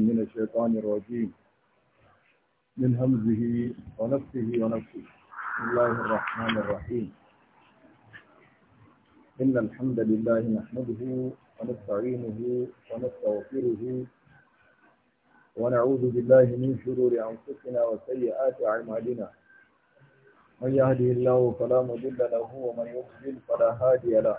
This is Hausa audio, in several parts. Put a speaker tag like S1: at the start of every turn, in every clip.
S1: من الشيطان الرجيم من همزه ونفسه ونفسه بسم الله الرحمن الرحيم إن الحمد لله نحمده ونستعينه ونستغفره ونعوذ بالله من شرور أنفسنا وسيئات أعمالنا من يهده الله فلا مضل له ومن يضلل فلا هادي له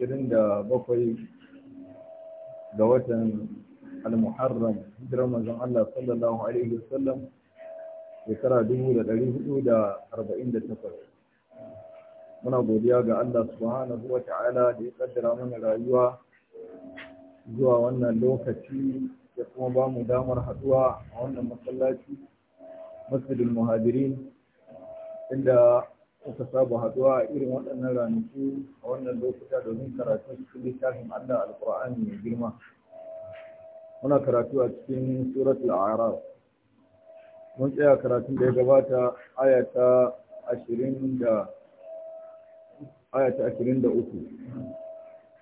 S1: da bakwai ga watan al-muharram hijirar manzon Allah sallallahu alaihi wasallam shekara takwas muna godiya ga Allah subhanahu wa ta'ala da ya kaddara mana rayuwa zuwa wannan lokaci ya kuma ba mu damar haduwa a wannan masallaci masjidul muhajirin inda kuka saba haduwa a irin waɗannan ranaku a wannan lokuta domin karatu cikin littafin Allah Al-Qur'ani mai girma muna karatu a cikin suratul a'raf mun tsaya karatun da ya gabata aya ta ashirin da ashirin da uku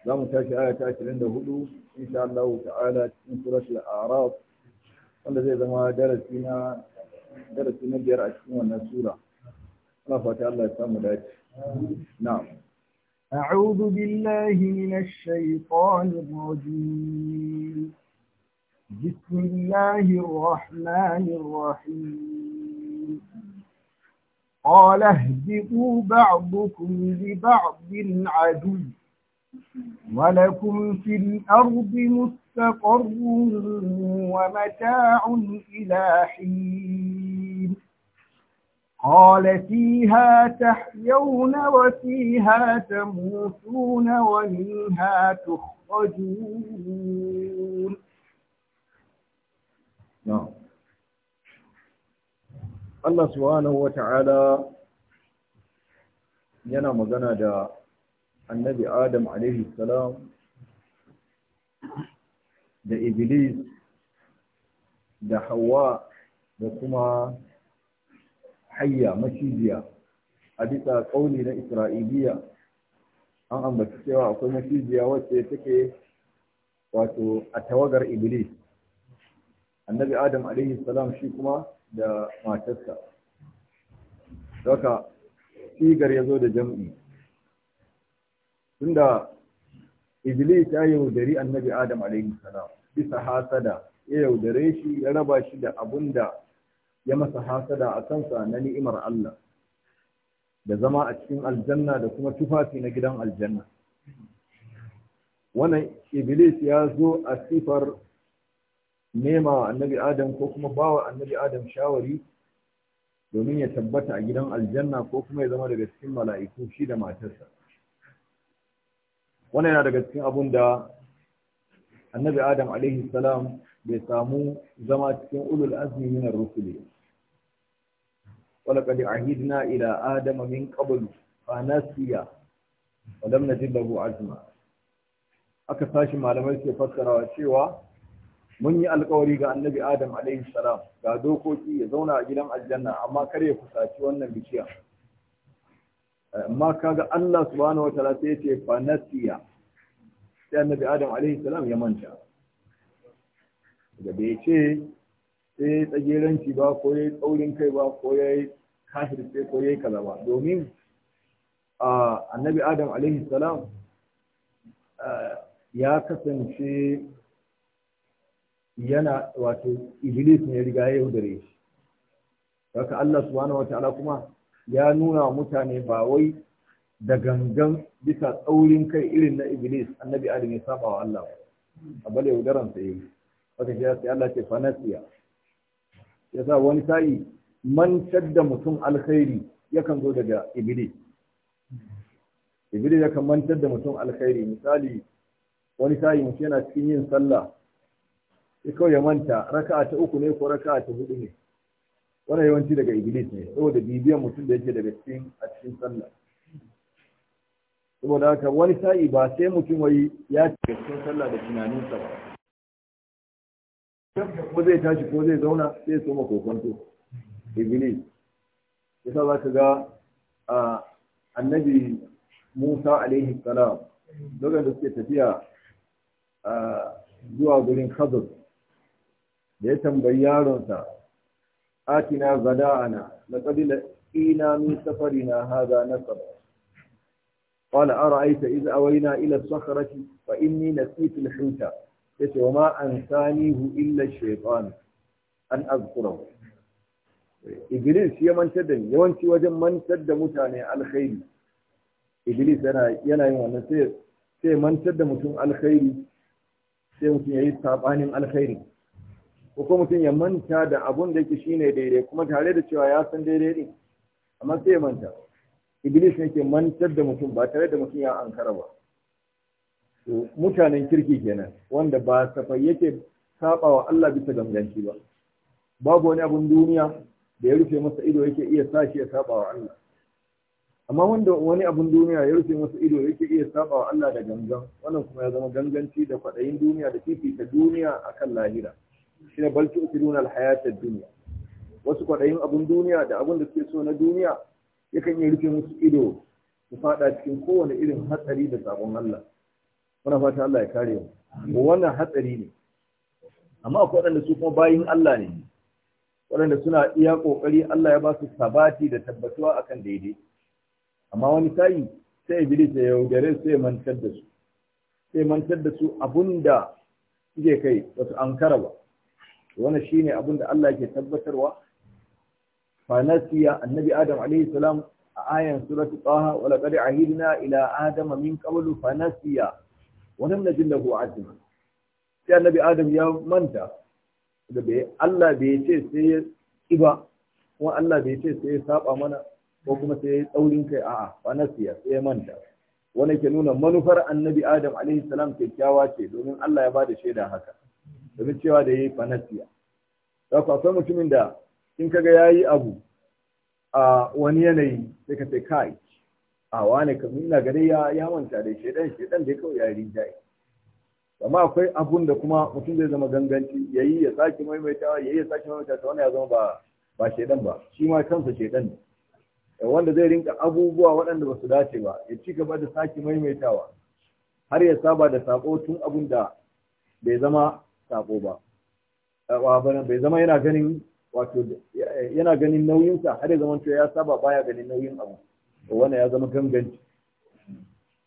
S1: za mu tashi aya ta ashirin da hudu insha Allah ta'ala cikin suratul a'raf wanda zai zama darasi na darasi na biyar a cikin wannan sura صفة الله يسامحك نعم أعوذ بالله
S2: من الشيطان الرجيم بسم الله الرحمن الرحيم قال اهدئوا بعضكم لبعض عدو ولكم في الأرض مستقر ومتاع إلى حين قال فيها تحيون وفيها تموتون ومنها تخرجون
S1: نعم الله سبحانه وتعالى ينا مغنى دا النبي آدم عليه السلام دا إبليس دا حواء دا كما hayya macijiya a bisa kauli na isra'iliya an ambaci cewa akwai macijiya wacce take wato a tawagar iblis annabi adam alaihi salam shi kuma da matarsa daga sigar ya zo da jam'i tunda iblis ya yaudari annabi adam alaihi salam bisa hasada ya yaudare shi ya raba shi da abun da ya masa hasada a kansa na ni'imar Allah da zama a cikin aljanna da kuma tufafi na gidan aljanna wannan iblis ya zo a sifar nema annabi adam ko kuma bawa annabi adam shawari domin ya tabbata a gidan aljanna ko kuma ya zama daga cikin mala'iku shi da matarsa wannan yana daga cikin abun da annabi adam alaihi bai samu zama cikin ulul azmi min ar-rusul walaqad ahidna ila adam min qabl fa nasiya wa lam najid azma aka sashi malamai ke fassarawa cewa mun yi alkawari ga annabi adam alaihi salam ga dokoki ya zauna a gidan aljanna amma kar ya kusaci wannan bishiya amma kaga Allah subhanahu ta'ala sai ya ce fa nasiya sai annabi adam alaihi salam ya manta da bai ce sai tsageranci ba ko ya tsaurin kai ba ko ya yi sai ko ya yi kaza ba domin annabi adam alaihi salam ya kasance yana wato iblis ne riga ya yaudare shi haka Allah subhanahu ta'ala kuma ya nuna mutane ba wai da gangan bisa tsaurin kai irin na iblis annabi adam ya saba wa Allah ba bale yaudaran sa yi aka shi sai Allah ce fanasiya Ya sa wani sa'i man da mutum alkhairi yakan zo daga iblis iblis yakan mantar da mutum alkhairi misali wani sa'i mutum yana cikin yin sallah sai kawai ya manta raka'a ta uku ne ko raka'a ta hudu ne wannan yawanci daga iblis ne saboda bibiyan mutum da yake daga cikin a cikin sallah saboda haka wani sa'i ba sai mutum wai ya ce cikin sallah da tunaninsa ba ko zai tashi ko zai zauna sai so ma kokonto iblis yasa za ka ga annabi musa alaihi salam lokacin da suke tafiya zuwa gurin khazar da ya tambayi yaronsa atina gada'ana laqad ina min safarina hadha nasaba قال أرأيت إذ أوينا إلى الصخرة فإني نسيت الحوت yace wa ma an sanihu illa shaytan an azkura iblis ya mantar da yawanci wajen mantar da mutane alkhairi iblis yana yana yin wannan sai sai mantar da mutum alkhairi sai mutum yayi sabanin alkhairi ko kuma mutum ya manta da abun da yake shine daidai kuma tare da cewa ya san daidai ne amma sai ya manta iblis ne ke mantar da mutum ba tare da mutum ya ankara ba mutanen kirki kenan wanda ba safai yake saba Allah bisa ganganci ba babu wani abun duniya da ya rufe masa ido yake iya sashi ya saba Allah amma wanda wani abun duniya ya rufe masa ido yake iya saba wa Allah da gangan wannan kuma ya zama ganganci da kwaɗayin duniya da fifita duniya akan lahira shi ne balki ukidun alhayatar duniya wasu kwaɗayin abun duniya da abun da suke so na duniya yakan iya rufe musu ido su faɗa cikin kowane irin hatsari da sabon Allah muna fata Allah ya kare mu wannan hatsari ne amma akwai waɗanda su kuma bayin Allah ne waɗanda suna iya ƙoƙari Allah ya ba su sabati da tabbatuwa akan daidai amma wani sai sai Iblis ya yaudare sai mantar da su sai mantar da su abunda suke kai wasu ankara ba wannan shine abunda Allah ke tabbatarwa fa nasiya annabi Adam alaihi salam a ayan suratu qaha wa laqad ahidna ila adama min qablu fa nasiya wannan najin da huwa azima sai annabi adam ya manta da bai Allah bai ce sai ya kiba kuma Allah bai ce sai ya saba mana ko kuma sai ya daurin kai a'a ba nasiya sai ya manta Wani ke nuna manufar annabi adam alaihi salam kyakkyawa ce domin Allah ya bada shaida haka domin cewa da yayi fanasiya saka akwai mutumin da in kaga yayi abu a wani yanayi sai ka ce kai a wani kamun na gari ya manta da shedan shedan da kawai ya rinjaye amma akwai abun da kuma mutum zai zama ganganci ya yi ya sake maimaitawa ya yi ya sake maimaitawa wani ya zama ba ba shedan ba shi ma kansa shedan ne eh, wanda zai rinka abubuwa waɗanda ba su dace ba ya ci gaba da sake maimaitawa har ya saba da sako tun abun da bai zama sako ba eh, bai zama yana ganin wato yana ganin nauyinsa har ya zama ya saba baya ganin nauyin abu wannan ya zama ganganci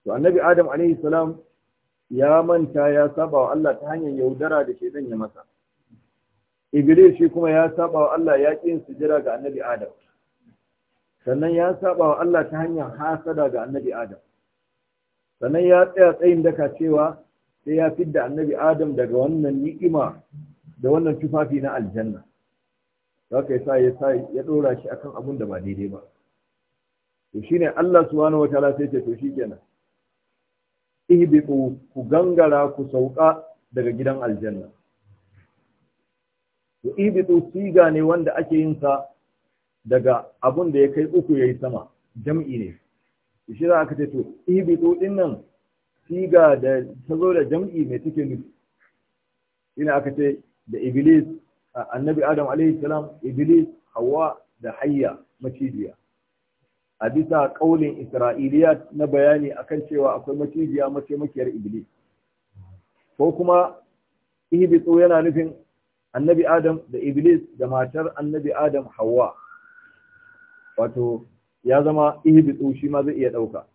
S1: to annabi adam alaihi salam ya manta ya saba wa Allah ta hanyar yaudara da shedan ya masa iblis shi kuma ya saba wa Allah ya ƙi sujira ga annabi adam sannan ya saba wa Allah ta hanyar hasada ga annabi adam sannan ya tsaya tsayin daka cewa sai ya fidda annabi adam daga wannan ni'ima da wannan tufafi na aljanna za ka yi ya ɗora shi akan abun da ba daidai ba to shine Allah subhanahu wataala sai ce to shikenan ihbitu ku gangara ku sauka daga gidan aljanna to ihbitu siga ne wanda ake yin sa daga abun da ya kai uku yayi sama jam'i ne shi za aka ce to ihbitu din nan siga da ta zo da jam'i mai take nufi ina aka ce da iblis annabi adam alaihi salam iblis hawa da hayya macijiya a bisa kaulin Isra'iliya na bayani akan cewa akwai macijiya mataimakiyar Iblis. Ko kuma ihbitsu yana nufin annabi Adam da Iblis da matar annabi Adam Hawwa. Wato ya zama ihbitsu shi ma zai iya ɗauka.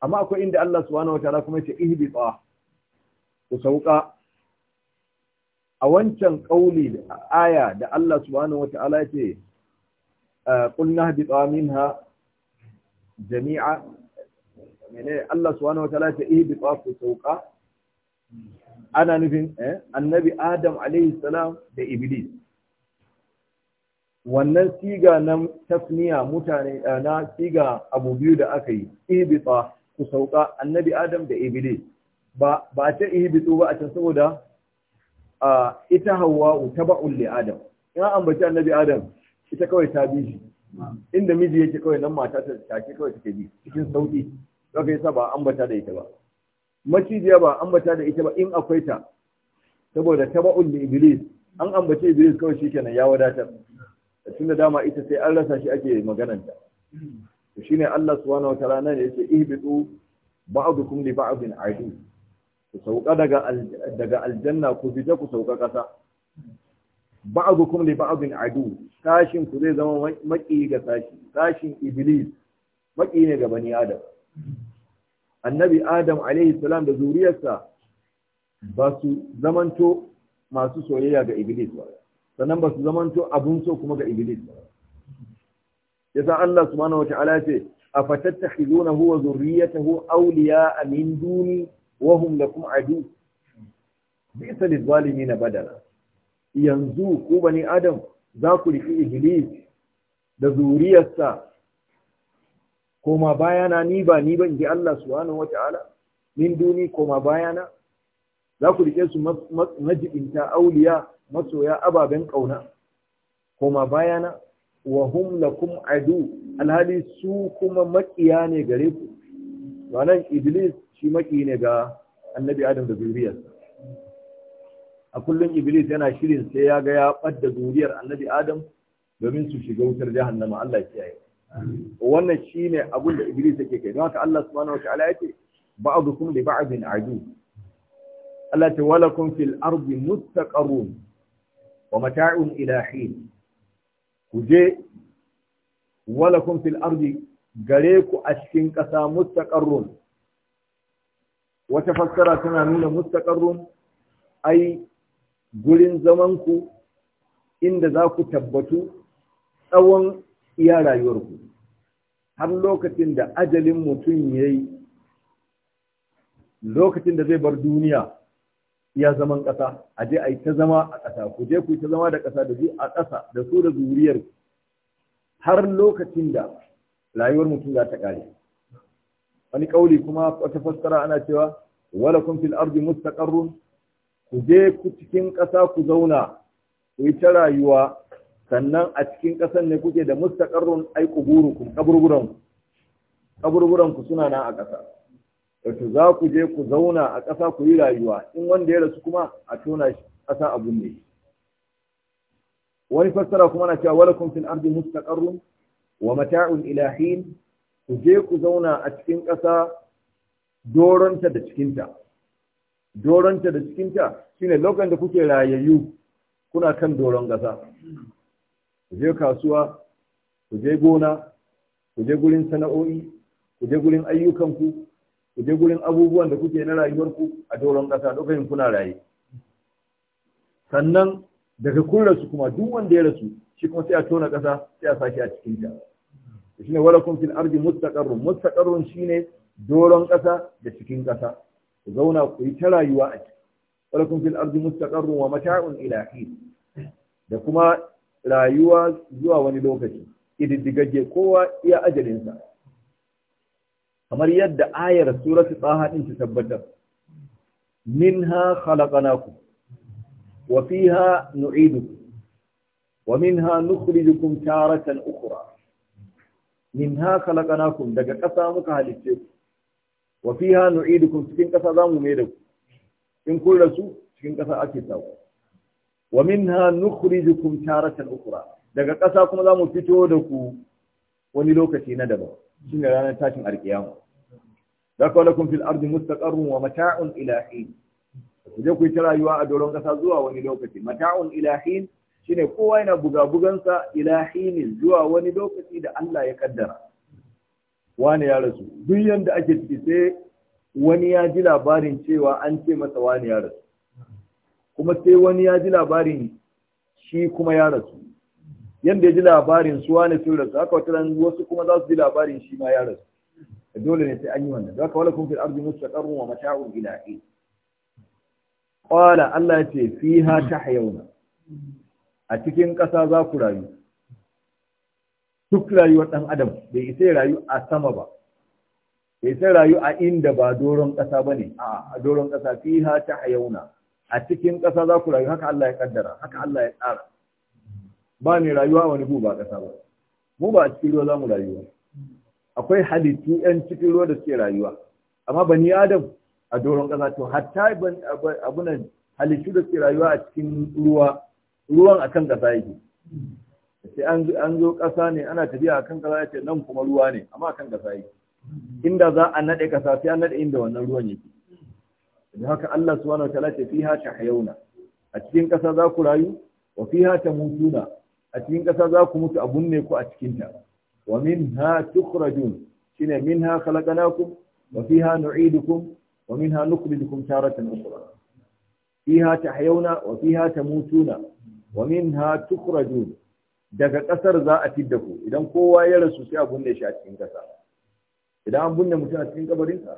S1: Amma akwai inda Allah subhanahu wataala kuma ce ihbitsa ku sauka a wancan kauli da aya da Allah subhanahu wataala ce قلنا اهبطا منها جميعا menene Allah subhanahu wataala ta ihi bi ku sauka ana nufin annabi Adam alaihi da Iblis wannan siga na tafniya mutane na siga abu biyu da aka yi ihbita ku sauka annabi Adam da Iblis ba ba ta ihbitu ba a can saboda ita Hawwa taba'ul li Adam ya ambaci annabi Adam ita kawai ta bi shi inda miji yake kawai nan mata ta take kawai take bi cikin sauki zaka yasa ba ambata da ita ba macijiya ba ambata da ita ba in akwai ta saboda taba'un da iblis an ambace iblis kawai kenan ya wadatar tun da dama ita sai an rasa shi ake maganar ta shine Allah subhanahu wataala nan yace ihbitu ba'dukum li ba'din adu ku sauka daga daga aljanna ku fita ku sauka kasa ba'dukum li ba'din adu sashin ku zai zama maki ga sashi sashin iblis maki ne ga bani adam annabi adam alaihi salam da zuriyarsa ba su zamanto masu soyayya ga iblis ba sannan ba su zamanto abun so kuma ga iblis ba yasa Allah subhanahu ta'ala ce afatattakhizunahu wa zurriyatahu awliya'a min duni wa hum lakum adu bi'sa na badala yanzu ku bani adam za ku riki iblis da zuriyarsa koma bayana ni ba ni ban ji Allah subhanahu ta'ala min duni koma bayana za ku rike su majibinta auliya masoya ababen kauna koma bayana wa hum lakum adu alhali su kuma makiya ne gare ku wannan iblis shi maki ne ga annabi adam da zuriyarsa a kullum iblis yana shirin sai ya ga ya ɓadda zuriyar annabi adam domin su shiga wutar jahannama Allah ya kiyaye wannan shine abin da iblis yake kai don haka Allah subhanahu wataala yake ba'dukum li ba'din adu Allah ta wala walakum fil ardi mustaqarrun wa mata'un ila hin wala walakum fil ardi gare ku a cikin ƙasa mustaqarrun wata fassara tana nuna mustaqarrun ai gurin zamanku inda za ku tabbatu tsawon iya rayuwarku har lokacin da ajalin mutum ya yi lokacin da zai bar duniya ya zaman ƙasa a je a yi ta zama a ƙasa ku je ku yi ta zama da ƙasa da su a ƙasa da su da zuriyar har lokacin da rayuwar mutum za ta ƙare wani ƙauli kuma wata fassara ana cewa wala kun fil ardi mustaqarrun ku je ku cikin ƙasa ku zauna ku yi ta rayuwa sannan a cikin ƙasan ne kuke da mustaqarrun ai ku kaburburan kaburburan ku suna nan a ƙasa wato za ku je ku zauna a ƙasa ku yi rayuwa in wanda ya rasu kuma a tona ƙasa abun ne wani fassara kuma na cewa walakum fil ardi mustaqarrun wa mata'un ila ku je ku zauna a cikin ƙasa doronta da cikinta doronta da cikinta shine lokacin da kuke rayayyu kuna kan doron gasa ku je kasuwa ku je gona ku je gurin sana'o'i ku je gurin ayyukanku ku je gurin abubuwan da kuke na rayuwarku a doron ƙasa lokacin kuna raye sannan daga kun rasu kuma duk wanda ya rasu shi kuma sai a tona ƙasa sai a sake a cikin ta shine kun fil ardi mustaqarrun mustaqarrun shine doron ƙasa da cikin ƙasa zauna ku yi ta rayuwa a ciki walakum fil ardi mustaqarrun wa mata'un ila da kuma rayuwa zuwa wani lokaci ididdigagge kowa iya ajalinsa kamar yadda ayar suratul taha din ta tabbatar minha khalaqnakum wa fiha nu'idukum wa minha nukhrijukum taratan ukhra minha khalaqnakum daga ƙasa muka halicce ku wa fiha nu'idukum cikin ƙasa za mu mai da ku in kun rasu cikin ƙasa ake sa ku wa minha nukhrijukum taratan ukhra daga ƙasa kuma za mu fito da ku wani lokaci na daban shine ranar tashin alkiyama zaka walakum fil ardi mustaqarrun wa mata'un ila hin ku je ku yi rayuwa a doron ƙasa zuwa wani lokaci mata'un ilahi shine kowa yana buga bugansa ne zuwa wani lokaci da Allah ya kaddara wane ya rasu duk yanda ake ciki sai wani ya ji labarin cewa an ce masa wane ya rasu kuma sai wani ya ji labarin shi kuma ya rasu yanda ya ji labarin su wane sun rasu haka wata ran wasu kuma za su ji labarin shi ma ya rasu dole ne sai an yi wannan haka wala kun fil ardi mustaqarrun wa mata'un ila hin qala Allah ya ce fiha tahyauna a cikin ƙasa za ku rayu duk rayuwar ɗan adam bai isa ya rayu a sama ba bai isa rayu a inda ba doron ƙasa ba ne a doron ƙasa fiha ta hayauna a cikin ƙasa za ku rayu haka Allah ya kaddara haka Allah ya tsara ba ne rayuwa wani bu ba ƙasa ba mu ba a cikin ruwa za mu rayuwa akwai halittu 'yan cikin ruwa da suke rayuwa amma bani adam a doron ƙasa to hatta abunan halittu da suke rayuwa a cikin ruwa ruwan akan ƙasa yake sai an zo ƙasa ne ana tafiya kan ƙasa ya ce nan kuma ruwa ne amma kan ƙasa yake inda za a naɗe ƙasa sai an naɗe inda wannan ruwan yake don haka Allah subhanahu wataala ce fiha tahyauna a cikin ƙasa za ku rayu wa fiha tamutuna a cikin ƙasa za ku mutu a binne ku a cikin ta wa minha tukhrajun shine minha khalaqnakum wa fiha nu'idukum wa minha nukhrijukum taratan ukhra fiha tahyauna wa fiha tamutuna wa minha tukhrajun daga ƙasar za a fidda ku idan kowa ya rasu sai a binne shi a cikin ƙasa idan an binne mutum a cikin kabarinsa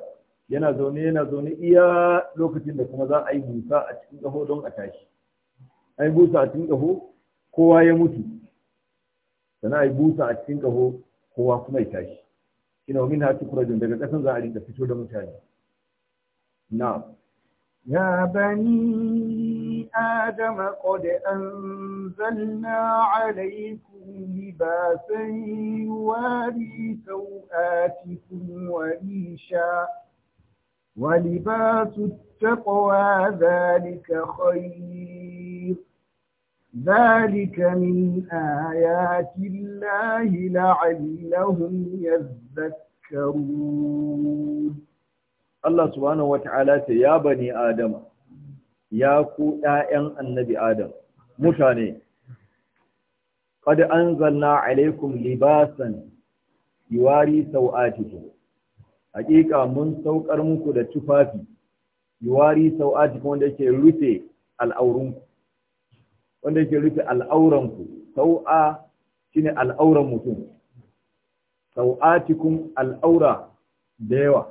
S1: yana zaune yana zaune iya lokacin da kuma za a yi busa a cikin ƙaho don a tashi a yi busa a cikin ƙaho kowa ya mutu sannan a yi busa a cikin ƙaho kowa kuma ya tashi ina wa minha tukrajun daga ƙasan za a rinka fito da mutane na
S2: ya bani adama qad an أنزلنا عليكم لباسا يواري سوآتكم وريشا
S1: ولباس
S2: التقوى ذلك خير ذلك من آيات الله لعلهم
S1: يذكرون Allah subhanahu wa ta'ala ce, Ya bani Adama, ya ku ’ya'yan annabi Adam, mutane qad anzalna alaikum libasan yuwari sau'atikum hakika mun saukar muku da tufafi yuwari sau'atikum wanda yake rufe al'aurunku wanda yake rufe al'auranku sau'a shine al'auran mutum sau'atikum al'aura da yawa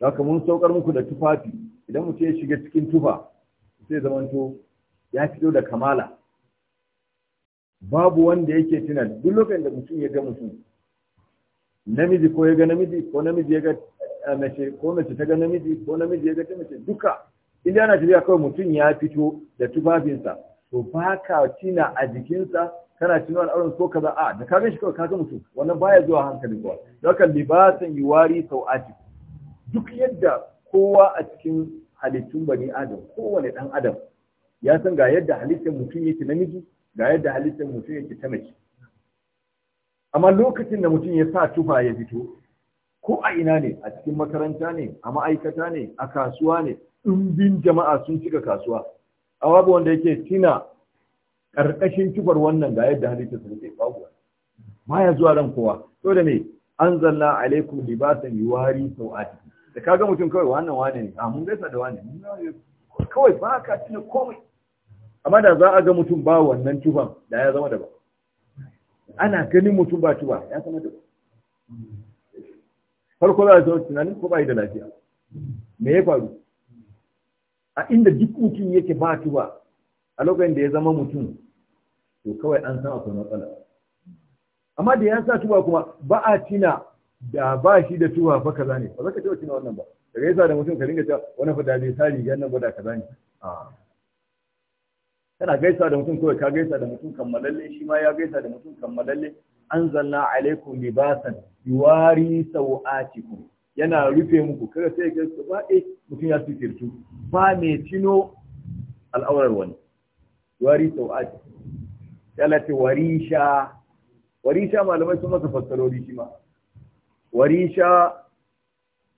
S1: haka mun saukar muku da tufafi idan mutum ya shiga cikin tufa sai zamanto ya fito da kamala babu wanda yake tuna duk lokacin da mutum ya ga mutum namiji ko ya ga namiji ko namiji ya ga eh, mace ko mace ta ga namiji ko namiji ya ga ta mace duka inda yana tafiya kawai mutum ya fito da tufafinsa to ba ka tina a jikinsa kana tuno al'auran ko kaza a da ka shi kawai ka ga mutum wannan baya zuwa hankali kuwa haka libasan yuwari aji duk yadda kowa a cikin halittun bani adam kowane dan adam ya san ga yadda halittar mutum yake namiji ga yadda halittar mutum yake ta mace amma lokacin da mutum ya sa tufa ya fito ko a ina ne a cikin makaranta ne a ma'aikata ne a kasuwa ne ɗumbin jama'a sun cika kasuwa a babu wanda yake tina ƙarƙashin tufar wannan ga yadda halittar su take babu ma ya zuwa ran kowa to da me an zalla alaikum libasan yuwari sau'ati da kaga mutum kawai wannan wane ne ah, a mun gaisa da wane kawai ba ka tuna komai amma da za a ga mutum ba wannan tufan da ya zama da ba, ana ganin mutum ba tuba ya zama da ba. farko za a zama tunanin ko ba da lafiya me ya faru a inda duk mutum yake ba tuba a lokacin da ya zama mutum to kawai an san akwai matsala amma da ya sa tuba kuma ba a tina da ba shi da tuba fa kaza ne ba za ka taɓa tina wannan ba daga yasa da mutum ka dinga cewa wani fa da bai sa rigar nan ba da kaza ne a'a tana gaisa da mutum kawai ka gaisa da mutum kammalalle shi ma ya gaisa da mutum kammalalle zanna, alaikum libasan yuwari sawatikum yana rufe muku kaga sai ka ba eh mutum ya sitirtu ba me tino al'aurar wani yuwari yana ce warisha warisha malamai sun masa fassarori shi ma warisha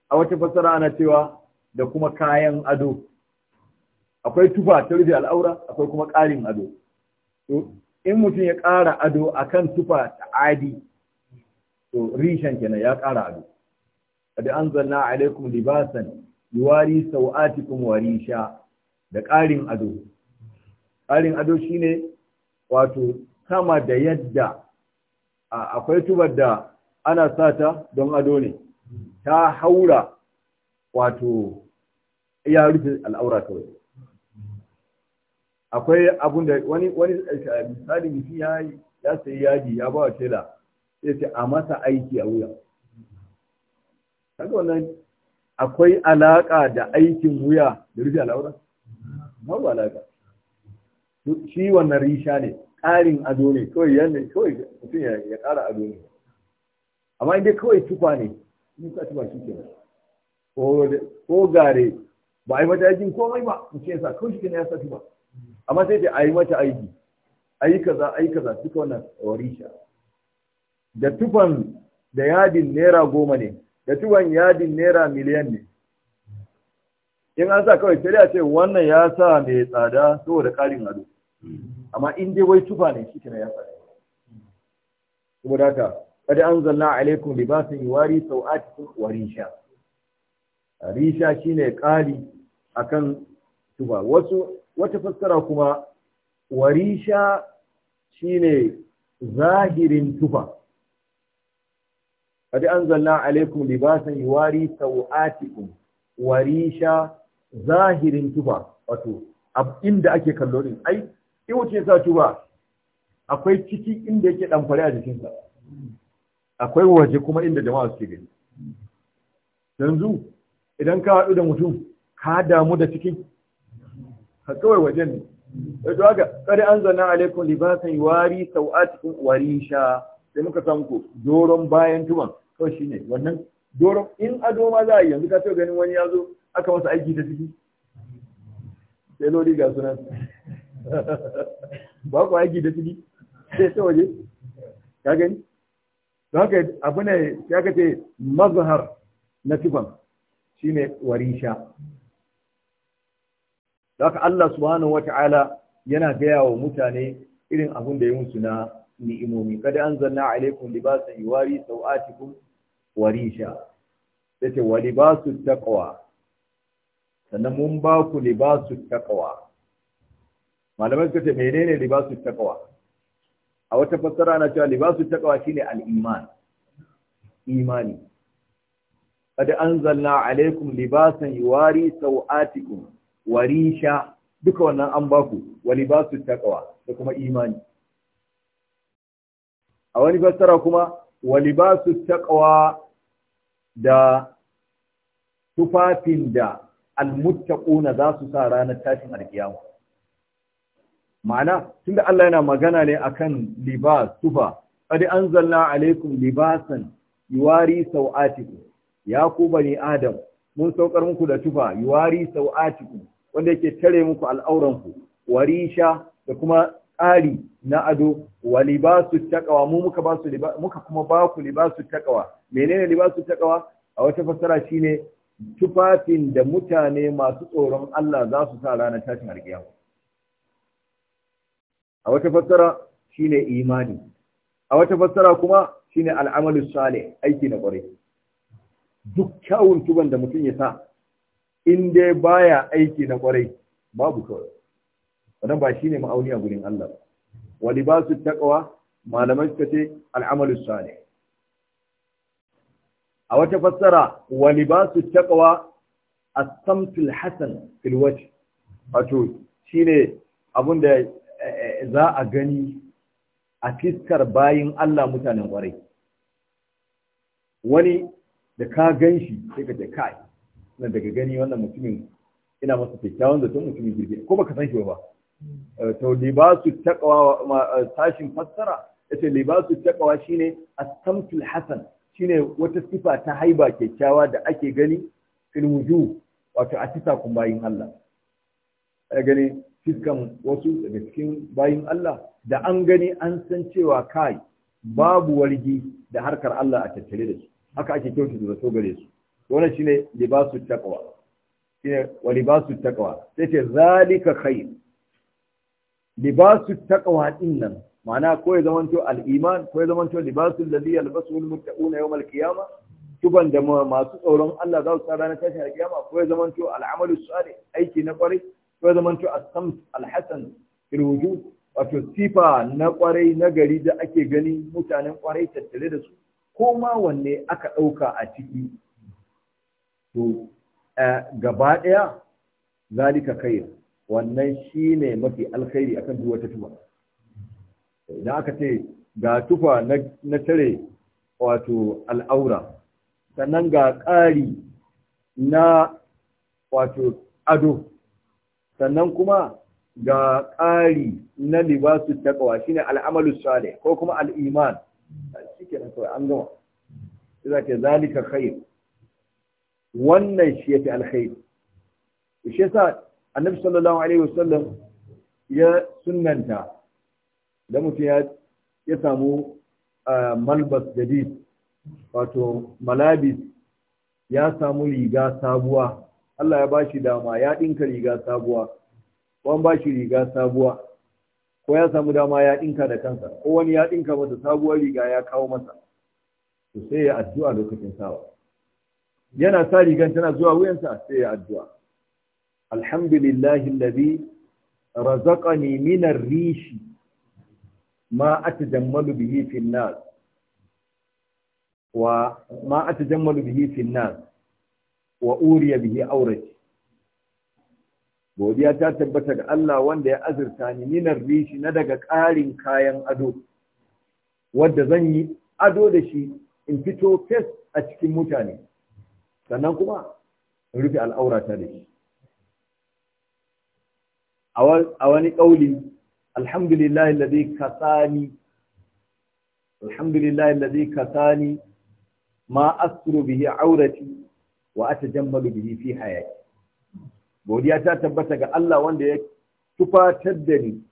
S1: a wata fassara ana cewa da kuma kayan ado akwai tufa ta rufe al'aura akwai kuma ƙarin ado in mutum ya ƙara ado a kan tufa ta adi to rishan kenan ya ƙara ado an zanna alaikum libasan yuwari sawatikum wa risha da ƙarin ado ƙarin ado shine wato sama da yadda akwai tubar da ana sata don ado ne ta haura wato ya rufe al'aura kawai akwai abun da wani wani eh, misali mutum ya ya sayi yaji ya ba wa tela sai ce a masa aiki a wuya kaga wannan akwai alaka da aikin wuya da rufe al'aura babu alaka shi wannan risha ne ƙarin ado ne kawai yanne kawai mutum ya ƙara ado ne amma inda kawai tufa ne in ka tufa shi kenan ko gare ba a yi matakin komai ba mutum ya sa kawai shi ne ya sa tufa amma sai ta ayi mata aiki ayi kaza ayi kaza duka wannan warisha da tufan da yadin naira goma ne da tufan yadin naira miliyan ne in an sa kawai sai a ce wannan ya sa mai tsada saboda ƙarin ado amma in dai wai tufa ne shi kenan ya sa saboda haka an anzalna alaikum libasan yuwari sawatikum wa risha risha shine ƙari akan tufa wasu wata fassara kuma warisha shine zahirin tufa adi an zalla alaikum libasan yuwari sau'atikum warisha zahirin tufa wato inda ake kallo din ai in wuce sa tufa akwai ciki inda yake damfari a jikinsa akwai waje kuma inda jama'a suke gani yanzu idan ka haɗu da mutum ka damu da cikin Ka kawai wajen ne sai to haka ƙari an zana alaikun libasan cikin wari sha. sai muka san ku. doron bayan tuman kawai shine wannan doron in ado ma za a yi yanzu ka ce ganin wani ya zo aka masa aiki ta ciki sai lori ga sunan ba ku aiki da ciki sai ta waje ka gani don haka abu ne ya kace mazahar na ne wari sha. Daka Allah subhanahu ta’ala yana gaya wa mutane irin abin da ya musu na ni'imomi kada an zanna, alaikum libasan yuwari sawatikum warisha yace wa libasu taqwa sannan mun ba ku libasu taqwa malamai suka ce menene libasu taqwa a wata fassara ana cewa libasu taqwa shine al-iman imani kada an zanna, alaikum libasan yuwari sawatikum warisha duka wannan an baku wani ba su taƙawa, da kuma imani a wani fassara kuma wani ba su taƙawa da tufafin da almuttaquna za su sa ranar tashin alkiyama ma'ana tunda Allah yana magana ne akan libas tufa an zalla alaikum libasan yuwari sawatikum ya ku bani adam mun saukar muku da tufa yuwari sawatikum wanda yake tare muku al'auranku warisha da kuma tsari na ado wa libasu taqwa mu muka ba su muka kuma ba ku libasu taqwa menene libasu taqwa a wata fassara shine tufafin da mutane masu tsoron Allah za su sa ranar tashin alƙiyama a wata fassara shine imani a wata fassara kuma shine al'amalu salih aiki na ƙwarai duk kyawun tuban da mutum ya sa in dai baya aiki na kwarai babu kawai wannan ba shine ma'auni a gurin Allah wa libasu taqwa malamai suka ce al'amalu salih a wata fassara wa libasu taqwa as-samtul hasan fil wajh wato shine abun da eh, za a gani a fiskar bayin Allah mutanen kwarai wani da ka gan shi sai ka ce kai na daga gani wannan mutumin ina masa kyakkyawan zaton mutumin girgi ko baka san shi ba eh, to libasu taqwa eh, sashin fassara yace libasu taqwa shine as-samtul hasan shine wata sifa ta haiba kyakkyawa da ake gani fil wujuh wato a tisa kun bayin Allah a gani fiskan wasu daga cikin bayin Allah da an gani an san cewa kai babu wargi da harkar Allah a tattare da su haka ake kyautata da so gare su wannan shine libasu taqwa shine wa libasu taqwa sai ce zalika khair libasu taqwa din nan ma'ana ko ya zamanto al-iman ko ya zamanto libasu alladhi yalbasu al-muttaquna yawm al-qiyama tuban da masu tsoron Allah za su sa ranar tashi al-qiyama ko ya zamanto al-amalu salih aiki na kwarai ko ya zamanto as-samt al-hasan fil wujud wato sifa na kwarai na gari da ake gani mutanen kwarai tattare da su ko ma wanne aka ɗauka a ciki to gaba ɗaya zalika kai wannan shi ne mafi alkhairi akan duk ta tuba idan aka ce ga tufa na tare wato al'aura sannan ga ƙari na wato ado sannan kuma ga ƙari na libasu taqwa shine al'amalu salih ko kuma al'iman shikenan kawai an gama zalika khair wannan shi fi alkhairi shi yasa annabi sallallahu alaihi wasallam ya sunnanta da mutum ya samu malbas jadid wato malabis ya samu riga sabuwa Allah ya bashi dama ya dinka riga sabuwa ko an bashi riga sabuwa ko ya samu dama ya dinka da kansa ko wani ya dinka masa sabuwar riga ya kawo masa to sai ya addu'a lokacin sawa yana sa rigan tana zuwa wuyansa sai ya addu'a alhamdulillahi alladhi razaqani min ar-rishi ma atajammalu bihi fil nas wa ma atajammalu bihi fil nas wa uriya bihi awrati godiya ta tabbata ga Allah wanda ya azurta ni ar rishi na daga ƙarin kayan ado wanda zan yi ado da shi in fito fes a cikin mutane sannan kuma in rufe al'aurata da shi a wani ƙauli alhamdulillah alladhi kasani alhamdulillah ma asru bihi aurati wa jammalu bihi fi hayati godiya ta tabbata ga Allah wanda ya tufatar da ni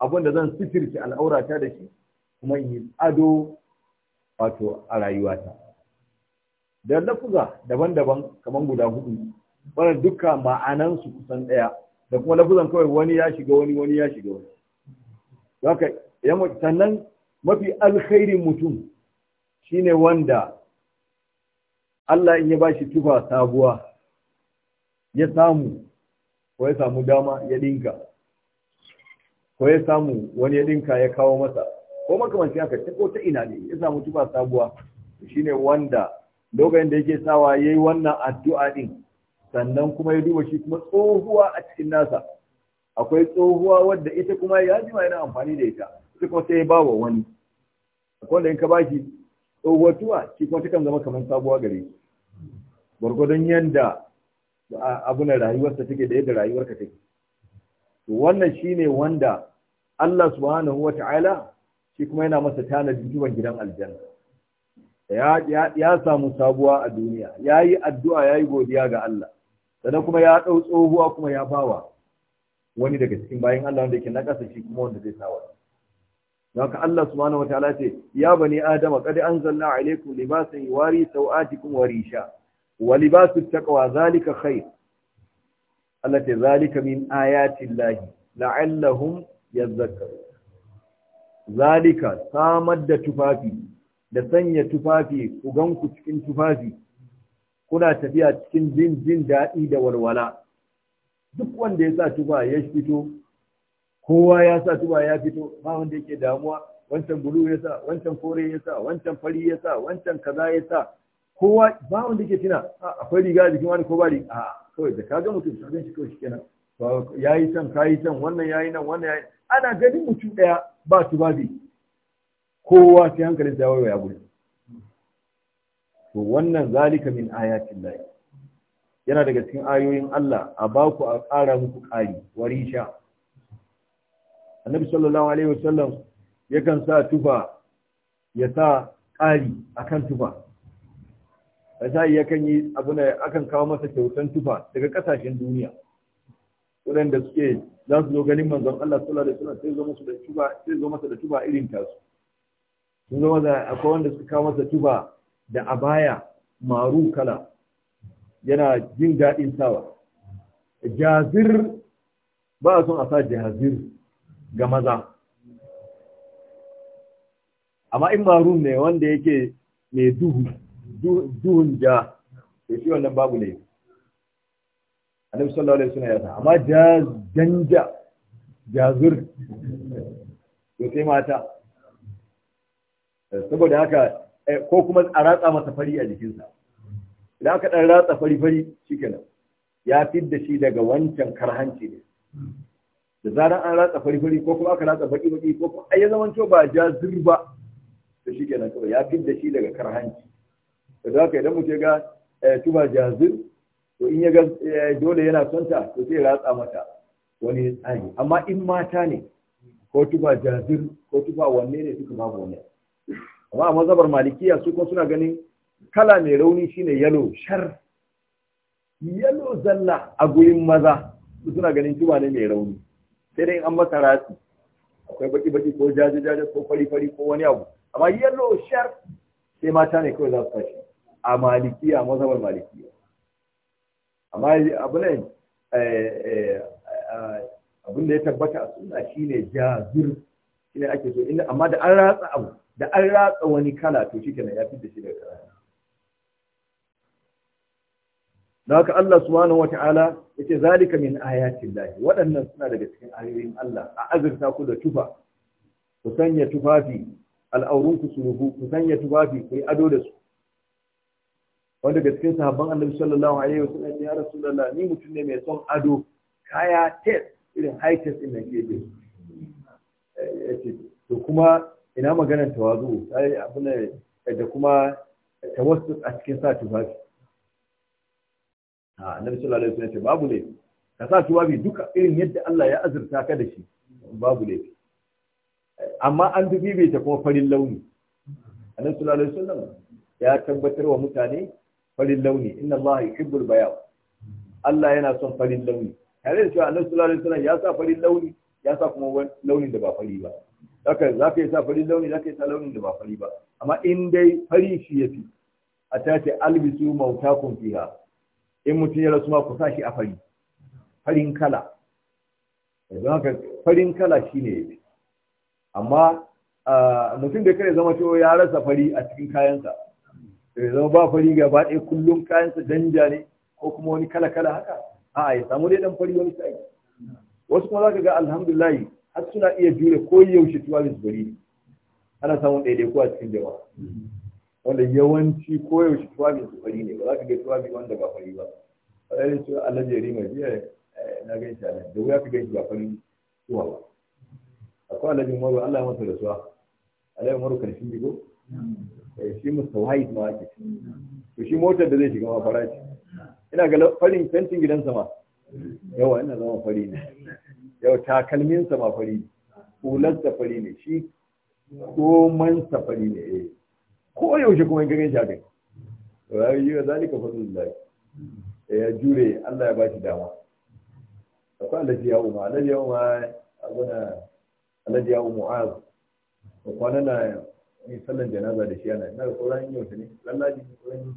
S1: abinda zan sifirci al'aurata da shi kuma in yi ado wato a rayuwata da lafuza daban-daban kamar guda hudu wannan duka ma'anan su kusan daya da kuma lafuzan kawai wani ya shiga wani wani ya shiga wani haka yamma sannan mafi alkhairin mutum shine wanda Allah in ya ba shi tufa sabuwa ya samu ko ya samu dama ya dinka ko ya samu wani ya dinka ya kawo masa ko makamancin haka ta ko ta ina ne ya samu tufa sabuwa shine wanda lokacin da yake sawa ya yi wannan addu'a ɗin sannan kuma ya duba shi kuma tsohuwa a cikin nasa akwai tsohuwa wadda ita kuma ya ji yana amfani da ita ita kuma sai ya ba wa wani akwai wanda in ka baki tsohuwar tuwa shi kuma takan zama kamar sabuwa gare shi yadda abu na rayuwarsa take da yadda rayuwarka take to wannan shine wanda Allah subhanahu wata'ala shi kuma yana masa tanadin zuwan gidan aljanna ya samu sabuwa a duniya ya yi addu'a ya yi godiya ga Allah sannan kuma ya ɗau tsohuwa kuma ya bawa wani daga cikin bayan Allah wanda yake na ƙasa shi kuma wanda zai sawa don ka Allah su mana wata ce ya bani adama an qad anzalna alaykum libasan yuwari sawatikum wari sha wa libasu takawa zalika kai? Allah ce zalika min ayatin lahi la'allahum yadhakkarun zalika samar da tufafi da sanya tufafi ku ganku cikin tufafi kuna tafiya cikin jin jin daɗi da walwala duk wanda ya sa tufa ya fito kowa ya sa tufa ya fito ba wanda yake damuwa wancan bulu ya sa wancan kore ya sa wancan fari ya sa wancan kaza ya sa kowa ba wanda yake tuna akwai riga jikin wani ko ba riga a kawai da kaga mutum ka gan shi kawai shikenan yayi san yi san wannan yayi nan wannan yayi ana ganin mutum daya ba tufafi kowa sai hankalin sa ya gudu to wannan zalika min ayatin lahi yana daga cikin ayoyin Allah a ku a ƙara muku ƙari warisha annabi sallallahu alaihi wasallam yakan sa tufa ya sa ƙari akan tufa Rashayi yakan yi abu ne akan kawo masa kyautan tufa daga kasashen duniya. Wadanda suke za su zo ganin manzon Allah sallallahu alaihi wasallam sai zo musu da tufa sai zo masa da tufa irin tasu. sun zama da akwai wanda suka kawo masa tuba da abaya maru kala yana jin daɗin sawa jazir ba a son a sa jazir ga maza amma in maru ne wanda yake mai duhu duhun ja to shi wannan babu ne annabi sallallahu alaihi wasallam ya ta amma jazanja jazir to sai mata saboda haka eh, ko kuma a ratsa masa fari a jikinsa idan aka dan ratsa fari fari shikenan ya da shi daga wancan karhanci ne da zarar an ratsa fari fari ko kuma aka ratsa baki baki ko kuma ai zaman to ba jazir ba to shikenan to ya da shi daga karhanci to haka idan muke ga tuba eh, jazir to in ya ga eh, dole yana son ta to sai ratsa mata wani tsari amma in mata ne ko tuba jazir ko tuba wanne ne suka babu wani amma a mazhabar malikiya su kuma suna ganin kala mai rauni shine yalo shar yalo zalla a gurin maza su suna ganin tuba ne mai rauni sai dai an masa ratsi akwai baki baki ko jaje jaje ko fari fari ko wani abu amma yalo shar sai mata ne kawai za su tashi a malikiya mazhabar malikiya amma abu ne eh, eh, eh, abin da ya tabbata a suna shine jazir shine ake so amma da an ratsa abu da an ratsa wani kala to shi kenan ya fi da shi daga karaya da haka Allah subhanahu wa ta'ala ya ce zalika min ayatin lahi waɗannan suna daga cikin ayoyin Allah a azurta ku da tufa ku sanya tufafi al'aurunku su ruhu ku sanya tufafi ku yi ado da su wanda daga cikin sahabban annabi sallallahu alaihi wa sallam ya rasulullah ni mutum ne mai son ado kaya tes, irin high tes din nan ke eh, to kuma ina maganar tawazu sai abin da kuma tawassus a cikin sa tufafi a ah, annabi sallallahu alaihi wasallam babu ne ka sa tufafi duka irin yadda Allah ya azurta ka da shi babu ne amma an dubi bai ta kuma farin launi annabi sallallahu alaihi wasallam ya tabbatar wa mutane farin launi inna Allah yuhibbul bayan Allah yana son farin launi tare da cewa annabi sallallahu alaihi wasallam ya sa farin launi ya sa kuma launin da ba fari ba haka za ka yi sa fari launi za ka yi sa launin da ba fari ba amma in dai fari shi ya fi a tace albisu fi ha in mutum ya rasu ma ku sa shi a fari farin kala yanzu haka farin kala shi ne ya fi amma mutum da kare zama cewa ya rasa fari a cikin kayansa da zama ba fari ba ɗaya kullum kayansa danja ne ko kuma wani kala kala haka a'a ya samu dai ɗan fari wani sai wasu kuma za ka ga alhamdulillah har suna iya jure ko yaushe tuwa da zubari ana samun ɗaiɗaiku a cikin jama'a wanda yawanci ko yaushe tuwa da zubari ne ba za ka ga tuwa wanda ba fari ba a ɗaya cewa Allah jeri mai biya eh, na gan shi a nan da wuya ka gan shi ba fari tuwa ba akwai alhaji maru Allah ya masa da suwa A umaru karshen kan shi eh, musa wahid ma ake to shi motar da zai shiga ma farashi ina ga farin fentin gidansa ma yawa ina zama fari ne yau takalmin sa fari hular sa fari ne shi koman sa fari ne eh ko yaushe kuma in ga ya shafe rayuwa zalika fadlullah eh, ya jure Allah ya bashi dama akwai alaji ya umma alaji ya umma abuna alaji ya umma mu'az kwana na ni sallan janaza da shi ana ina ko ran yau ta ne lallaji ran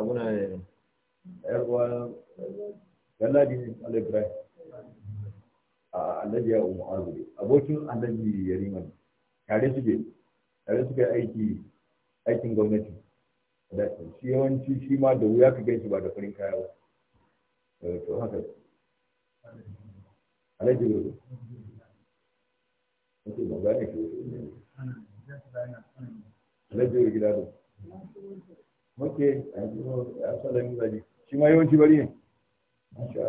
S1: abuna eh, yar uwa lallaji ne alai ibrahim annabi ya umu azuri abokin annabi ya rima tare suke tare suke aiki aikin gwamnati da shi yawanci shi ma da wuya ka ganshi ba da farin kaya ba eh, to haka ne ba gane alaji ne gida da shi ma yawanci bari ne masha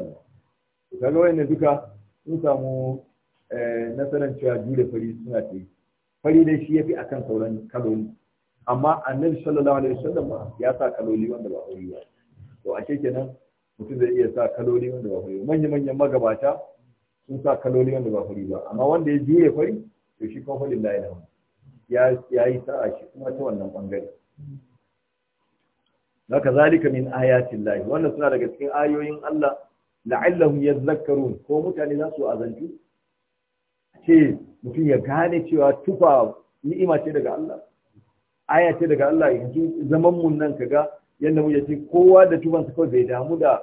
S1: Allah duka sun samu eh, nasarar cewa biyu da fari suna ce fari dai shi yafi akan sauran kaloli amma annabi sallallahu alaihi wasallam ya sa kaloli wanda ba fari ba to ke kenan mutum zai iya sa kaloli wanda ba fari ba manyan manyan magabata sun sa kaloli wanda ba fari ba amma wanda ya juye fari to shi kuma fari layi da ya yi sa'a shi kuma ta wannan bangare haka zalika min ayatin layi. wannan suna daga cikin ayoyin Allah la'allahum yadhakkarun ko mutane za su azantu ce mutum ya gane cewa tufa ni'ima ce daga Allah aya ce daga Allah yanzu zaman mun nan kaga yanda mu yace kowa da tufansa kawai bai damu da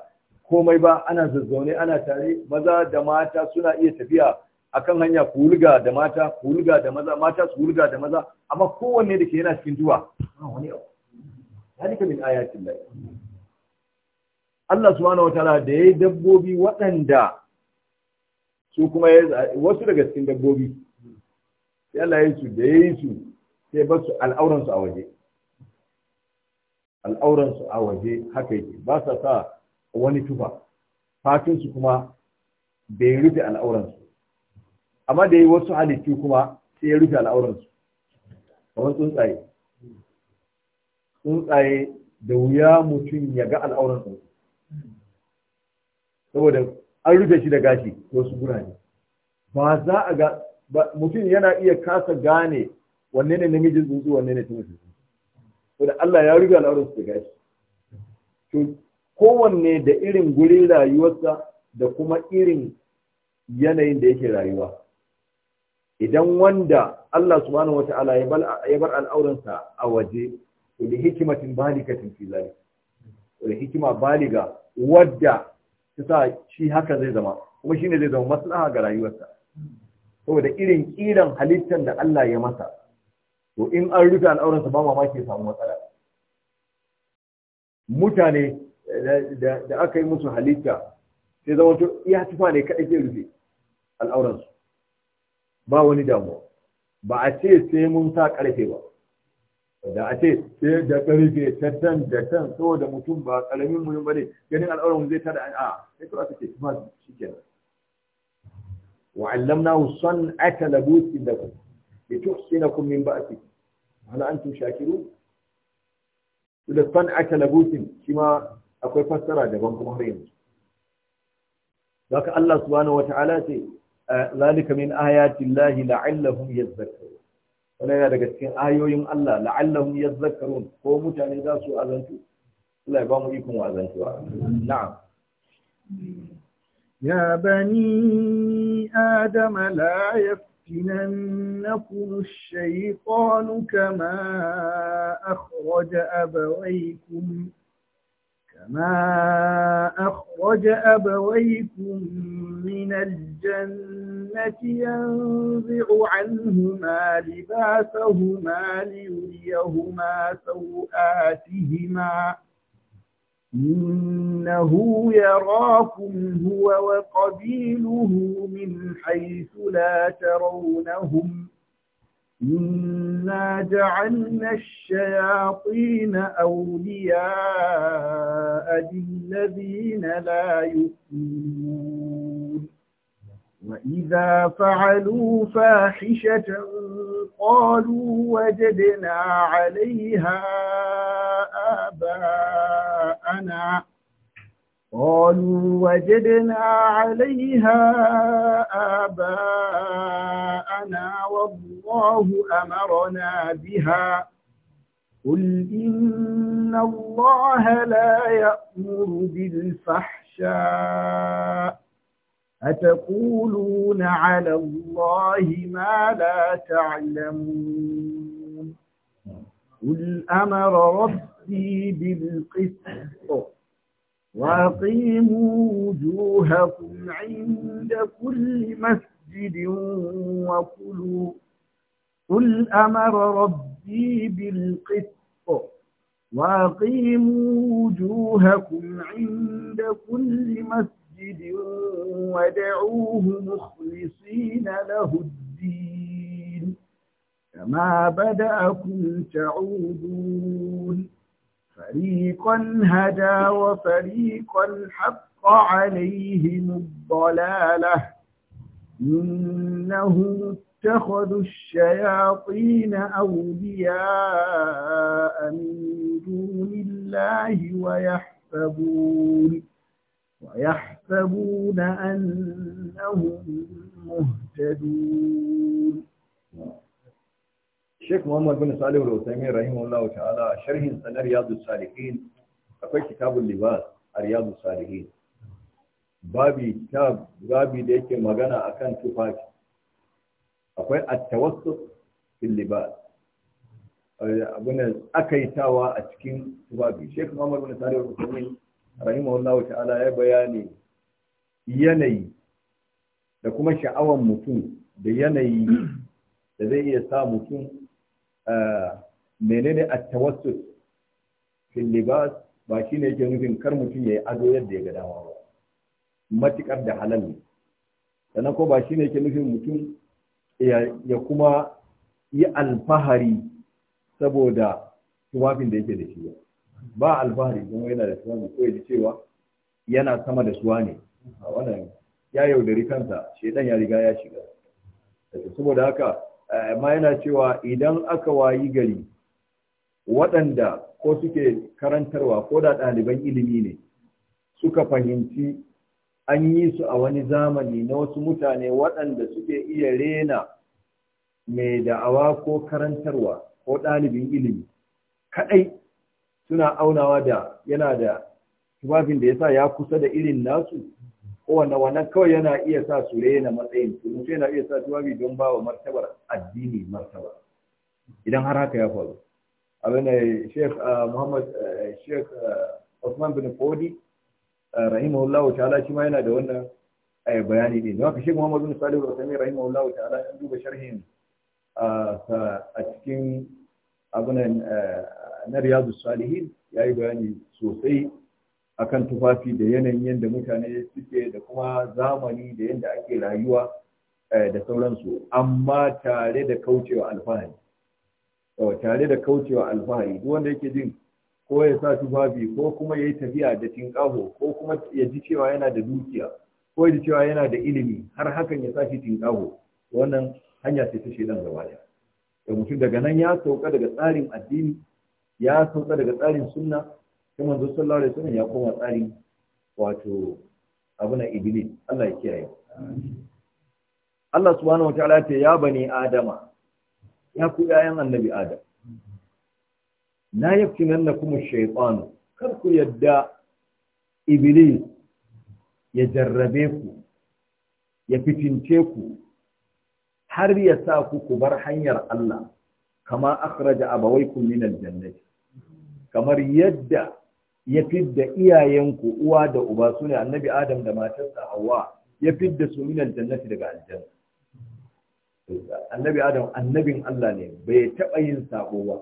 S1: komai ba ana zazzaune ana tare maza da mata suna iya tafiya akan hanya ku hulga da mata ku hulga da maza mata su hulga da maza amma kowanne da ke yana cikin duwa wani abu min ayatin Allah Allah subhanahu ta'ala da ya yi dabbobi waɗanda su kuma ya wasu daga cikin dabbobi sai Allah ya su da yi su sai ba su al'auran su a waje al'auran su a waje haka yake ba sa sa wani tufa fatin su kuma bai rufe al'auran su amma da ya yi wasu halittu kuma sai ya rufe al'auran su kamar tsuntsaye tsuntsaye da wuya mutum ya ga al'auran saboda an rufe shi da gashi ko gura ne ba za a ga mutum yana iya kasa gane wanne ne namijin tsuntsu wanne ne tsuntsu saboda Allah ya rufe al'aurar su da gashi to kowanne da irin gurin rayuwarsa da kuma irin yanayin da yake rayuwa idan wanda Allah subhanahu wata'ala ya bar al'auransa a waje da hikimatin balikatin fi zalik da hikima baliga wadda ta sa shi haka zai zama kuma shine zai zama maslaha ga rayuwarsa saboda irin kiran halittar da Allah ya masa to in an rufe sa ba ma ke samu matsala mutane da aka yi musu halitta sai zama to ya tufa ne kaɗai zai rufe su ba wani damuwa ba a ce sai mun sa ƙarfe ba da a ce sai da karfe ta dan da tan saboda mutum ba karamin mutum bane ganin al'auran zai tada a sai to aka ce kuma nan. wa allamnahu san'ata labusin lakum lituhsinakum min ba'sikum hal antum shakirun da san'ata labusin shi ma akwai fassara daban kuma har yanzu zaka Allah subhanahu wata'ala ce zalika min ayati llahi la'allahum yadhakkarun Wani yana daga cikin ayoyin Allah la'allahum yadhakkarun ko mutane za su azantu Allah ya ba mu ikon azantuwa na'am
S2: يا بني آدم لا يفتننكم الشيطان كما أخرج أبويكم كما أخرج أبويكم من الجنة ينزع عنهما لباسهما ليريهما سوآتهما إنه يراكم هو وقبيله من حيث لا ترونهم ۖ إنا جعلنا الشياطين أولياء للذين لا يؤمنون وإذا فعلوا فاحشة قالوا وجدنا عليها آباءنا قالوا وجدنا عليها آباءنا والله أمرنا بها قل إن الله لا يأمر بالفحشاء أتقولون على الله ما لا تعلمون قل أمر ربي بالقسط وأقيموا وجوهكم عند كل مسجد وكلوا قل أمر ربي بالقسط وأقيموا وجوهكم عند كل مسجد ودعوه مخلصين له الدين كما بدأكم تعودون فريقا هدى وفريقا حق عليهم الضلالة إنهم اتخذوا الشياطين أولياء من دون الله ويحسبون ويحسبون أنهم مهتدون
S1: Sheikh Muhammad bin Salihu Al-Utsaimin rahimahullahu ta'ala sharhin sanar Riyadus Salihin akwai kitabul libas a Riyadus Salihin. Babi ta babi da yake magana akan tufafi. Akwai at-tawassut fil libas. Abuna akaitawa a cikin tufafi. Sheikh Muhammad bin Salihu Al-Utsaimin rahimahullahu ta'ala ya bayani yanayi da kuma sha'awan mutum da yanayi da zai iya sa mutum menene a tawassul fil libas ba shi ne yake nufin kar mutum yayi ado yadda ya ga dama ba matikar da halal ne sannan ko ba shi ne yake nufin mutum ya kuma yi alfahari saboda tuwafin da yake da shi ba alfahari kuma yana da tuwafi ko ya cewa yana sama da suwa ne a wannan ya yaudari kansa shedan ya riga ya shiga saboda haka Eh, ma yana cewa idan aka wayi gari waɗanda ko suke karantarwa ko da ɗaliban ilimi ne suka fahimci an yi su a wani zamani na wasu mutane waɗanda suke iya rena mai da'awa ko karantarwa ko ɗalibin ilimi kaɗai suna aunawa da yana da tufafin da ya sa ya kusa da irin nasu wanda wannan kawai yana iya sa su rena matsayin su mutum yana iya sa wabi don ba wa martabar addini martaba idan har haka ya faru abin da shek ah, muhammad eh, sheikh Osman ah, bin Fodi ah, rahimahullah ta'ala shi ma yana da wannan eh, bayani din don haka shek muhammad bin Salih al-Utsaimin rahimahullah ta'ala an duba sharhin a cikin abin eh, na Riyadus Salihin yi bayani sosai akan tufafi da yanayin yadda mutane suke da kuma zamani da yadda ake rayuwa eh, da sauransu amma tare da kaucewa alfahari tare da kaucewa alfahari duk wanda yake jin ko ya sa tufafi ko kuma ya yi tafiya da tinƙaho ko kuma ya ji cewa yana da dukiya ko ya ji cewa yana da ilimi har hakan ya sa shi tinƙaho wannan hanya ce ta shedan gaba da mutum daga nan ya sauka daga tsarin addini ya sauka daga tsarin sunna sai manzo sallallahu alaihi wasallam ya koma tsari wato abuna iblis Allah ya kiyaye Allah subhanahu wataala ce ya bani adama ya ku yayan annabi adam na yafi na kuma shaytan kar ku yadda iblis ya jarrabe ku ya fitince ku har ya sa ku ku bar hanyar Allah kama akhraja abawaykum min al-jannati kamar yadda ya fidda iyayenku uwa da uba su ne annabi adam da matarsa hawa ya fidda su min aljannati daga aljanna annabi adam annabin Allah ne bai taba yin sabo ba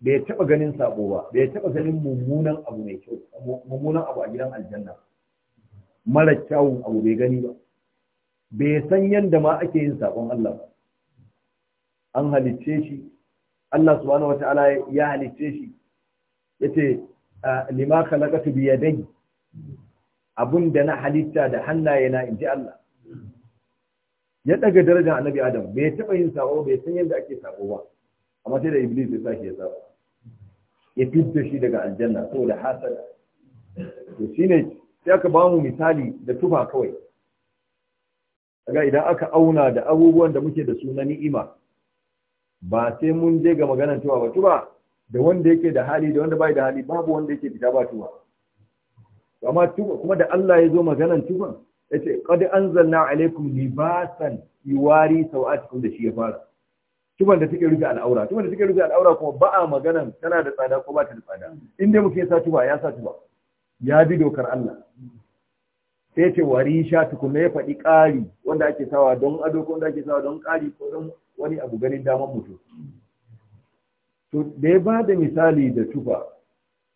S1: bai taba ganin sabo ba bai taba ganin mummunan abu mai kyau mummunan abu a gidan aljanna mara kyawun abu bai gani ba bai san yadda ma ake yin sabon Allah ba an halicce shi Allah subhanahu wata'ala ya halicce shi yace lima khalaqatu bi yadayhi abun da na halitta da hannaye na inji Allah ya daga darajar annabi adam bai taba yin sabo bai san yadda ake sabo ba amma sai da iblis ya sake ya sabo ya fitta shi daga aljanna saboda hasada to shine sai aka ba mu misali da tufa kawai kaga idan aka auna da abubuwan da muke da su na ni'ima ba sai mun je ga maganar tuba ba tuba da wanda yake da hali da wanda bai da hali babu wanda yake fita ba To amma tuwa kuma da Allah ya zo maganan tuwa yace qad anzalna alaikum libasan yuwari sawatikum da shi ya fara tuwa da take rufe al'aura tuwa da take rufe al'aura kuma ba a maganan tana da tsada ko ba ta da tsada in dai muke sa tuwa ya sa tuwa, ya bi dokar Allah sai ce wari sha tukuna ya faɗi ƙari wanda ake sawa don ado ko wanda ake sawa don ƙari ko don wani abu ganin damar mutum to da ya ba da misali da tufa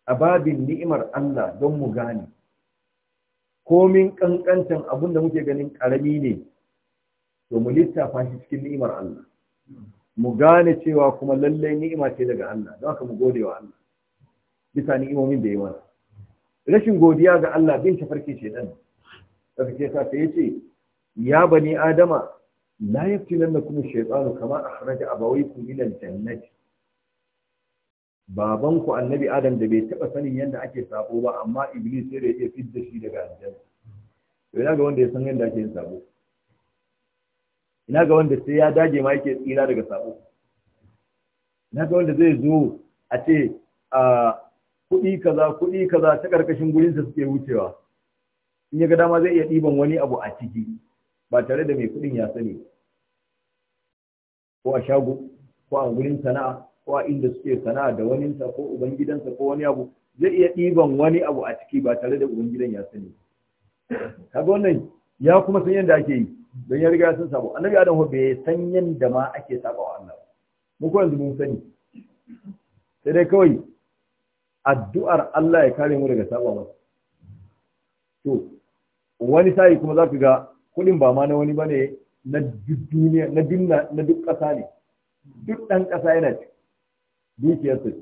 S1: a babin ni'imar Allah don mu gane komin kankantan abin da muke ganin karami ne to mu littafa shi cikin ni'imar Allah mu gane cewa kuma lallai ni'ima ce daga Allah don haka mu gode wa Allah bisa ni'imomin da ya mana rashin godiya ga Allah bin tafarki ce dan daga ce sa sai yace ya bani adama la yaftilannakum shaytanu kama akhraja abawaykum min al-jannati baban ku annabi adam da bai taba sanin yadda ake sabo ba amma iblis sai da ya fidda shi daga aljanna ina ga wanda ya san yadda ake yin sabo ina ga wanda sai ya dage ma yake tsira daga sabo ina ga wanda zai zo a ce a kuɗi kaza kuɗi kaza ta karkashin gurinsa suke wucewa in ya ga dama zai iya ɗiban wani abu a ciki ba tare da mai kuɗin ya sani ko a shago ko a gurin sana'a ko inda suke sana'a da waninsa ko ubangidansa ko wani abu zai iya ɗiban wani abu a ciki ba tare da ubangidan ya sani kaga wannan ya kuma san yadda ake yi don ya riga sun sabo annabi adam ko bai san yadda ma ake saba wa Allah mu ko yanzu mun sani sai dai kawai addu'ar Allah ya kare mu daga saba masa to wani sai kuma zaka ga kudin ba ma na wani bane na duniya na na duk kasa ne duk dan kasa yana ciki dukiyar ce.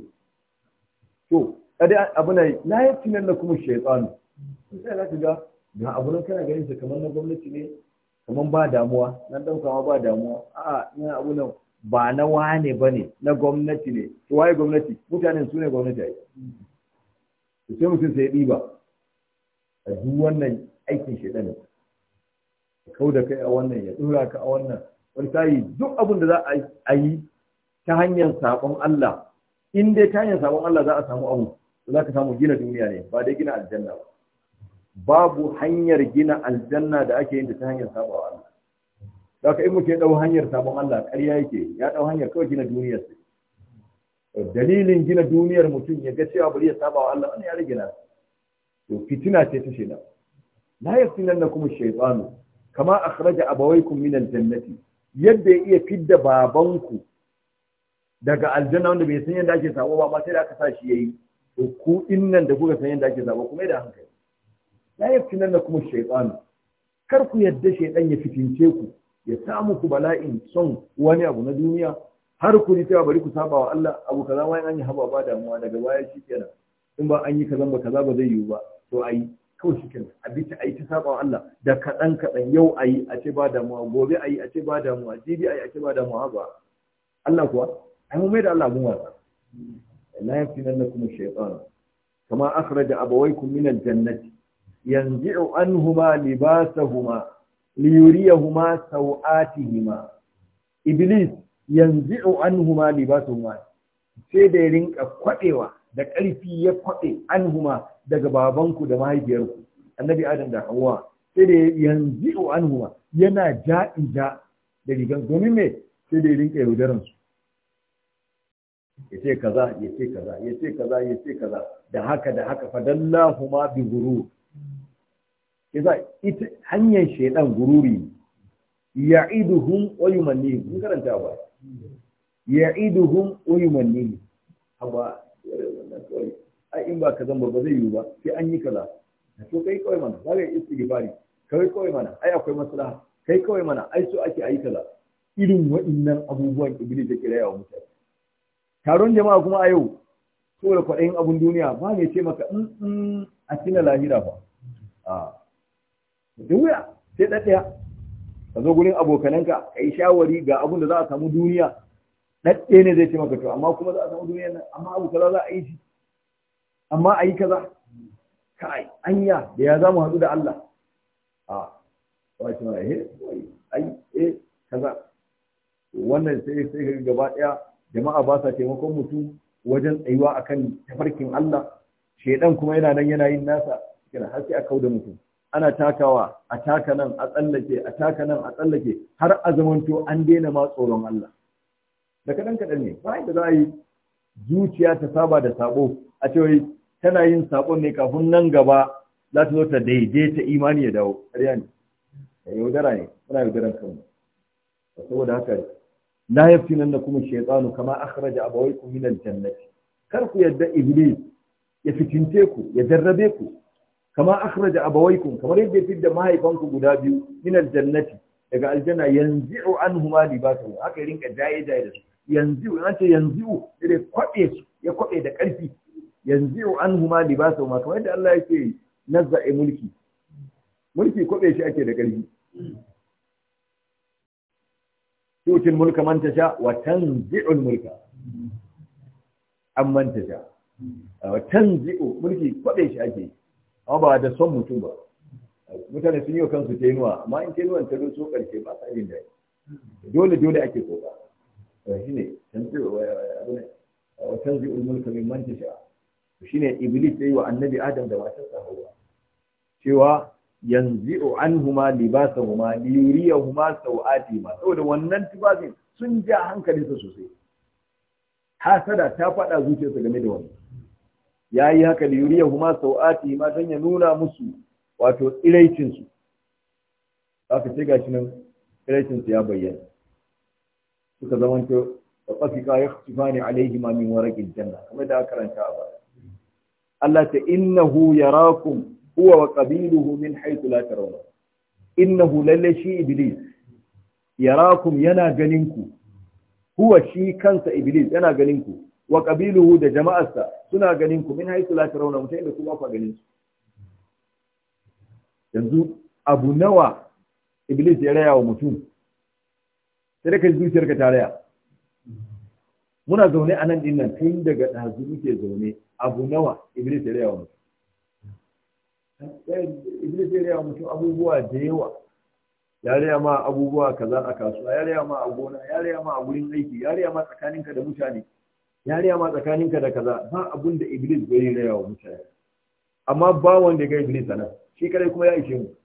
S1: to ɗade abu na la yatinan lakum shaytan sai za ka ga na abu nan kana ganin sa kamar na gwamnati ne kamar ba damuwa nan ɗan kama ba damuwa a'a ina abu nan ba na wane ba ne na gwamnati ne to waye gwamnati mutanen su ne gwamnati yi. to sai mutum sai ɗiba a duk wannan aikin shaidan ne kau da kai a wannan ya tsura ka a wannan wani tayi duk abin da za a yi ta hanyar saƙon Allah in dai ta hanyar sabon Allah za a samu abu za ka samu gina duniya ne ba dai gina aljanna ba babu hanyar gina aljanna da ake yin ta hanyar sabon Allah za ka in mutum ɗau hanyar sabon Allah ƙarya yake ya ɗau hanyar kawai gina duniyar sai dalilin gina duniyar mutum ya ga cewa bari ya saba wa Allah ya rage na to fitina ce ta shaidan la yaftinannakum ash-shaytanu kama akhraja abawaykum min aljannati jannati yadda ya iya fidda babanku daga aljanna wanda bai san yadda ake sabo ba sai da aka sa shi yayi to ku innan da kuka san yadda ake sabo kuma da hankali yi yaftinan da kuma shaiɗanu kar ku yadda shaytan ya fitince ku ya samu ku bala'in son wani abu na duniya har ku ji cewa bari ku saba wa Allah abu kaza wai an yi haba ba damuwa daga baya shi kenan in ba an yi kaza ba kaza ba zai yiwu ba to ayi kawai shi kenan a bita ayi ta saba wa Allah da kaɗan kaɗan yau ayi a ce ba damuwa gobe ayi a ce ba damuwa jibi ayi a ce ba damuwa ba Allah kuwa ai mun mai da Allah mun wasa la yafinannakum shaytan kama akhraja abawaykum min al-jannati yanzi'u anhuma libasahuma liyuriyahuma sawatihima iblis yanzi'u anhuma libasahuma sai da rinka kwadewa da ƙarfi ya kwaɗe anhuma daga babanku da mahaifiyarku annabi adam da hawa sai da yanzi'u anhuma yana ja'in ja da rigan domin me sai da rinka yaudaransu ya ce kaza ya ce kaza ya ce kaza ya ce kaza da haka da haka fadallahu ma bi gurur yasa ita hanyar shaidan gururi ya'iduhum wa yumanni mun karanta ba ya'iduhum wa yumanni haba ai in ba ka zamba ba zai yiwu ba sai an yi kaza to kai kawai mana ba ka yi istighfari kai kawai mana ai akwai maslaha kai kawai mana ai so ake ayi kaza irin waɗannan abubuwan iblis ya kira yawo mutane taron jama'a kuma a yau da kwaɗayin abin duniya ba ne ce maka in mm, mm, a cina lahira ba a duk wuya sai ɗaɗɗaya ka zo gurin abokananka ka yi shawari ga abin da za a samu duniya ɗaɗɗe ne zai ce maka to amma kuma za a samu duniya nan amma abu kaza za a yi shi amma a yi kaza kai anya da ya za mu haɗu da Allah a wace ma eh ai eh kaza wannan sai sai gaba ɗaya jama'a ba sa taimakon mutum wajen tsayuwa a kan tafarkin Allah shaidan kuma yana nan yana yin nasa kira har sai a da mutum ana takawa a taka nan a tsallake a taka nan a tsallake har a zamanto an daina ma tsoron Allah da kaɗan kaɗan ne ba da za a yi zuciya ta saba da sabo a ce tana yin sabon ne kafin nan gaba za ta zo ta daidaita imani ya dawo ƙarya ne yaudara ne muna yaudaran kanmu saboda haka la yaftinannakum kuma shaytanu kama akhraja abawaykum min al-jannati kar ku yadda iblis ya fitinte ku ya jarrabe ku kama akhraja abawaykum kamar yadda ya da mahaifanku guda biyu min al-jannati daga aljanna yanzi'u anhuma libasuhu haka rinka jaye jaye da su yanzu an ce yanzu ya kwabe su ya kwabe da karfi yanzu anhuma libasuhu kamar yadda Allah yake nazza'i mulki mulki kwabe shi ake da karfi tutil mulka man tasha wa tanzi'ul mulka an man tasha wa tanzi'u mulki kwabe shi ake amma ba da son mutum ba mutane sun yi wa kansu tenuwa amma in tenuwan ta so karshe ba sa yin da dole dole ake koka ba. tanzi'u wa tanzi'ul mulka min man tasha shine iblis yi wa annabi adam da matarsa hawa cewa Yanzu an huma huma anhuma huma sau'ati ma. saboda wannan tufafin sun ja hankalinsa sosai hasada ta faɗa zuciyarsa game da wannan ya yi haka huma sau'ati ma don ya nuna musu wato tsiraicinsu aka ce gashi nan tsiraicinsu ya bayyana suka zamanto da tsafika ya tufani ma min warakin janna kamar da aka karanta a baya Allah ta innahu yarakum huwa wa qabiluhu min haythu la tarawna innahu lalle shi iblis yarakum yana ganin ku huwa shi kansa iblis yana ganin ku wa qabiluhu da jama'arsa suna ganin ku min haythu la tarawna mutai da kuma ba ku ganin yanzu abu nawa iblis ya raya wa mutum sai da ka zuciyar ka taraya muna zaune a nan dinnan tun daga ɗazu muke zaune abu nawa iblis ya raya wa mutum Eh, iblis ya raya mutum abubuwa da yawa ya raya ma abubuwa kaza a kasuwa ya raya ma a gona ya raya ma a gurin aiki ya raya ma tsakaninka da mutane ya raya ma tsakaninka da kaza ba abun da iblis bai raya wa mutane amma ba wanda ga iblis nan shi kadai kuma ya ishe mu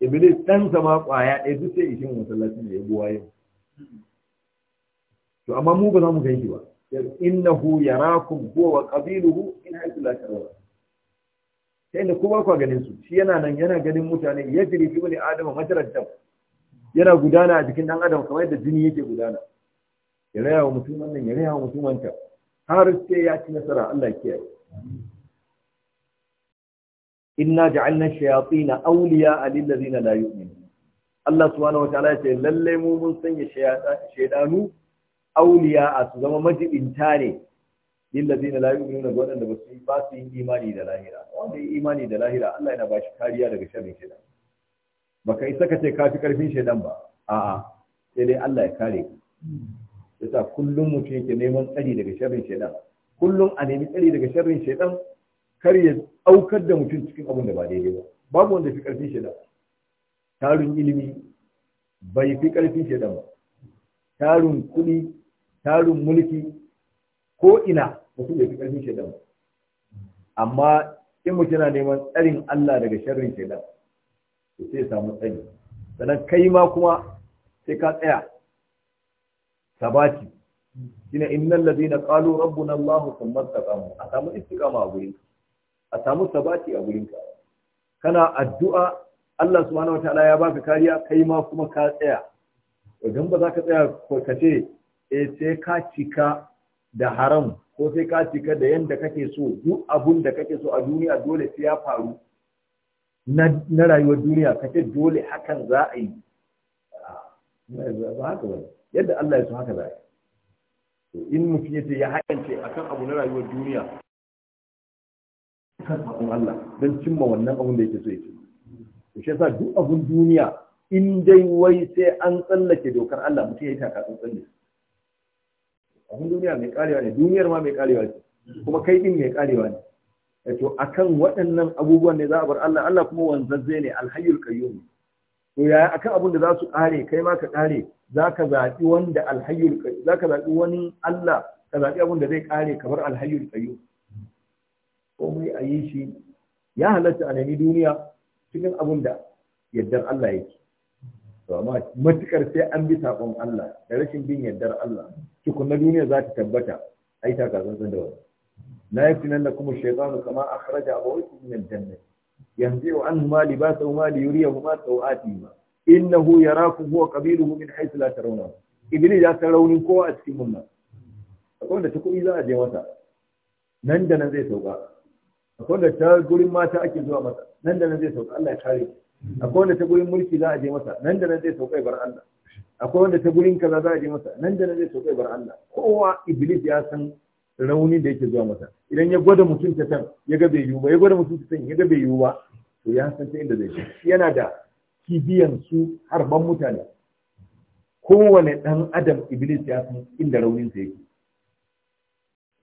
S1: iblis dan sama kwaya ɗaya duk sai ishe mu masallacin da ya buwa yau to amma mu ba za mu gan shi ba innahu yarakum huwa wa qabiluhu in haythu la tarawun ta inda kowa kwa ganin su shi yana nan yana ganin mutane ya jiri fi wani adama matarajjam yana gudana a jikin dan adam kamar yadda jini yake gudana ya raya wa mutum wannan ya raya wa mutum wancan har sai ya ci nasara Allah ya kiyaye inna ja'alna shayatin awliya lil ladina la yu'minun Allah subhanahu wataala ya ce lalle mu mun sanya shayadanu awliya a su zama majibinta ne lillazina la yu'minuna bi wadanda basu ba su yin imani da lahira wanda yi imani da lahira Allah yana bashi kariya daga sharrin shedan baka isa ka ce kafi karfin ba a'a sai dai Allah ya kare ka yasa kullum mutum yake neman tsari daga sharrin shedan kullum a nemi tsari daga sharrin shedan kar ya aukar da mutum cikin abin ba daidai ba babu wanda fi karfin shedan tarin ilimi bai fi karfin shedan ba tarin kuɗi tarin mulki ko ina mutum ya fi ƙarfin shaidan amma in mutum yana neman tsarin Allah daga sharrin shaidan to sai ya samu tsari sannan kai ma kuma sai ka tsaya sabati shine innal ladina qalu rabbuna Allah thumma istaqamu a samu istiqama a gurin a samu sabati a gurin ka kana addu'a Allah subhanahu wataala ya baka kariya kai ma kuma ka tsaya idan ba za ka tsaya ka ce eh sai ka cika da haram ko sai ka cika da yanda kake so duk abun da kake so a duniya dole sai ya faru na rayuwar duniya kace dole hakan za a yi ah, yadda Allah ya so haka za a yi in mutum ya ce ya haƙance akan abu na rayuwar duniya kan abun Allah don cimma wannan abun da yake so ya ce shi yasa duk abun duniya in dai wai sai an tsallake dokar Allah mutum ya yi taka tsallake abin duniya mai karewa ne duniyar ma mai karewa ce kuma kai din mai karewa ne eh to akan waɗannan abubuwan ne za a bar Allah Allah kuma wanzazze ne alhayyul qayyum to ya akan abin da za su kare kai ma ka kare zaka zabi wanda alhayyul zaka zabi wani Allah ka zabi abin da zai kare bar alhayyul qayyum komai a yi shi ya halatta a nemi duniya cikin abin da yardar Allah yake to amma matukar sai an bi sakon Allah da rashin bin yardar Allah tukunna duniya za ta tabbata ai ta ka zanta da wani la yaftinannakum ash-shaytanu kama akhraja abawaykum min al-jannah a anhuma libasahuma liyuriyahuma sawatihima innahu yarakum huwa qabiluhu min haythu la tarawna iblis ya ta raunin kowa a cikin munna akwai wanda ta kuɗi za a je masa nan da nan zai sauka akwai wanda ta gurin mata ake zuwa masa nan da nan zai sauka Allah ya kare akwai wanda ta gurin mulki za a je masa nan da nan zai sauka bar Allah akwai wanda ta gurin kaza za a je masa nan da nan zai sauka bar Allah kowa iblis ya san raunin da yake zuwa masa idan ya gwada mutum ta san ya ga bai yiwu ba ya gwada mutum ta san ya ga bai yiwu ba to ya san ta inda zai je yana da kibiyan su harban mutane kowane dan adam iblis ya san inda raunin sa yake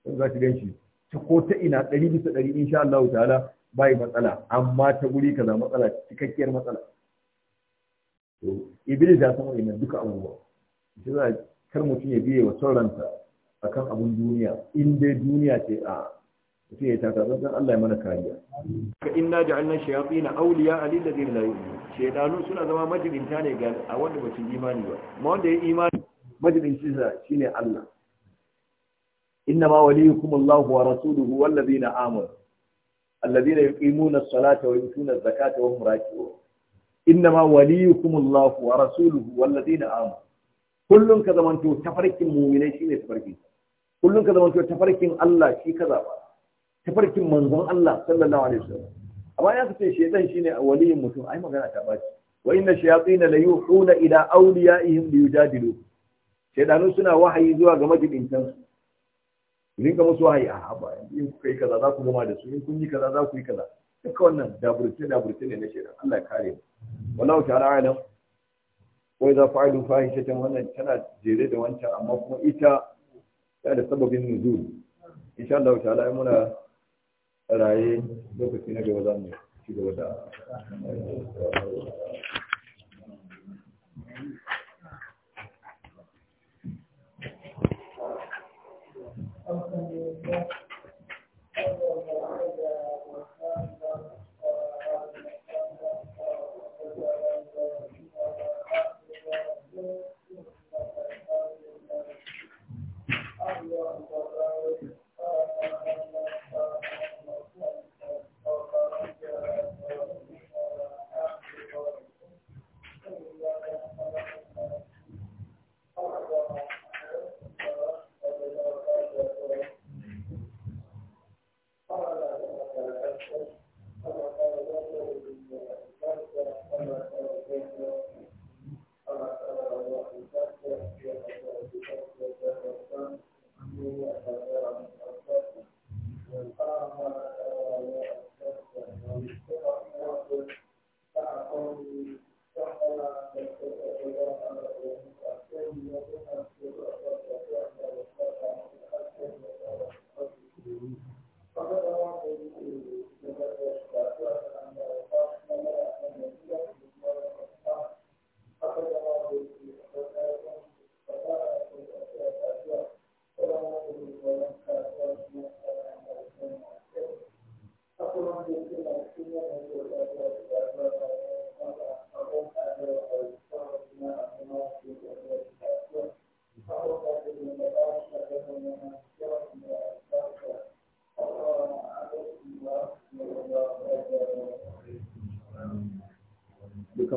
S1: sun za ki ganshi ta ko ta ina ɗari bisa ɗari insha Allah ta'ala bai matsala amma ta guri kaza matsala cikakkiyar matsala to iblis ya san wa'annan duka abubuwa shi za kar mutum ya biye wa son a akan abun duniya in dai duniya ce a mutum ya taka zan Allah ya mana kariya ka inna ja'alna shayatin awliya alladhina la yu'minun shaytanu suna zama majibinta ne ga a wanda ba su imani ba ma wanda ya imani majibinci shine Allah inna ma waliyukum Allahu wa rasuluhu wal ladina amanu alladhina yuqimuna as-salata wa yutuna az innama waliyukumullahu wa rasuluhu wallazina amanu kullun ka zamanto tafarkin mu'minai shine tafarkin kullun ka zamanto tafarkin Allah shi kaza ba. tafarkin manzon Allah sallallahu alaihi wasallam amma ya kace shedan shine waliyin mutum ai magana ta baci wa inna shayatin la yuhuna ila awliyaihim liyujadilu shedanu suna wahayi zuwa ga majibintan su rinka musu wahayi a haba in kuka yi kaza za ku gama da su in kun yi kaza za ku yi kaza duka wannan daburce daburce ne na shaidan Allah ya kare mu wallahu ta'ala alam wai za fa'alu ta wannan tana jere da wancan amma kuma ita ta da sababin nuzul insha Allah ta'ala muna raye lokaci na gaba za mu ci gaba da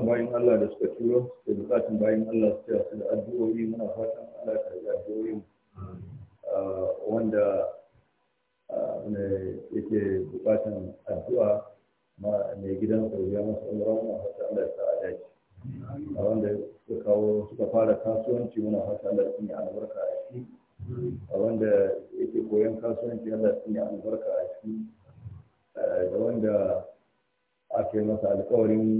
S1: bayan Allah da suka turo da bukatun bayan Allah su su da addu'o'i muna fatan Allah ta yi addu'o'i wanda yake bukatan addu'a ma mai gidan sauya masu umra muna fatan Allah ta sa a wanda suka kawo suka fara kasuwanci muna fatan Allah ya sa albarka a ciki a wanda yake koyon kasuwanci Allah ya sa albarka a ciki da ah, wanda ake masa alkawarin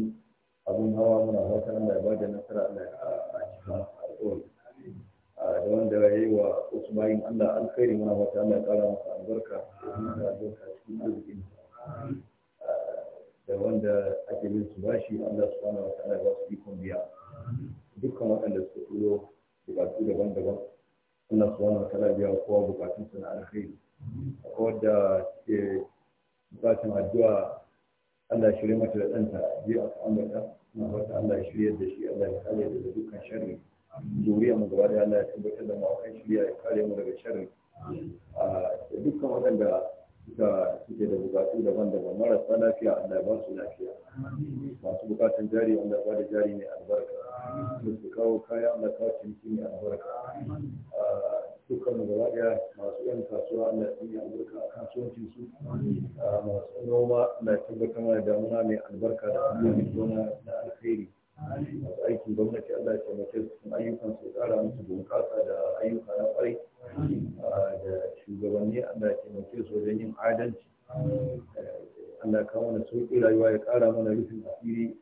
S1: Allah shirye mata da ɗanta je aka ambata na fata Allah ya shirye da shi Allah ya kare da dukkan sharri zuriya mu gaba da Allah ya tabbatar da mu shirya ya kare mu daga sharri da dukkan waɗanda suka suke da bukatu daban-daban marasa lafiya Allah ya ba su lafiya masu bukatun jari Allah ya ba da jari ne albarka su kawo kaya Allah ya kawo ciniki mai albarka dukkanmu gaba daya masu yan kasuwa Allah ya yi albarka a kasuwancin su ah, masu noma na tabbatar da damuna mai albarka da abubuwan gona da alkhairi masu aikin gwamnati Allah ya tabbata cikin ayyukan su tsara musu bunƙasa da ayyuka na kwarai ah, da shugabanni Allah ya tabbata su wajen yin adalci Allah ka mana sauƙi rayuwa ya ƙara mana rufin asiri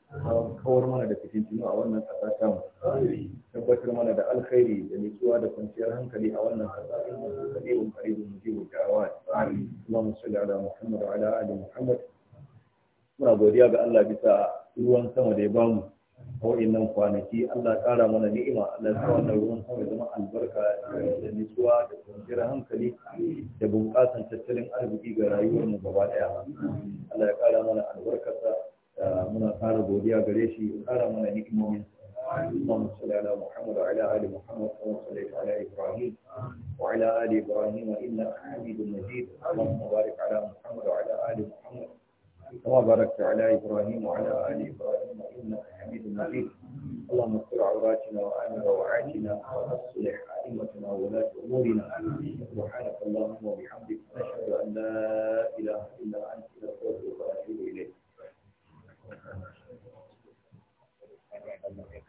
S1: kawar mana da tunu a wannan ƙasa ta mu tabbatar mana da alkhairi da nutsuwa da kwanciyar hankali a wannan ƙasa in mu mu da'awa Allahumma salli ala Muhammad wa ala ali Muhammad muna godiya ga Allah bisa ruwan sama da ya bamu a wa'innan kwanaki Allah ƙara mana ni'ima Allah ya wannan ruwan sama zama albarka da nutsuwa da kwanciyar hankali da bunƙasan tattalin arziki ga rayuwar mu gaba ɗaya Allah ya ƙara mana albarkarsa muna ƙara godiya gare shi ya ƙara mana ni'imomin اللهم صل على محمد وعلى ال محمد كما صليت على ابراهيم وعلى ال ابراهيم انك حميد مجيد اللهم بارك على محمد وعلى ال محمد وباركت على إبراهيم وعلى آل إبراهيم إنك حميد مجيد اللهم استر عوراتنا وآمن وعاتنا وأصلح أئمتنا وولاة أمورنا سبحانك اللهم وبحمدك نشهد أن لا إله إلا أنت نستغفرك ونتوب
S2: إليك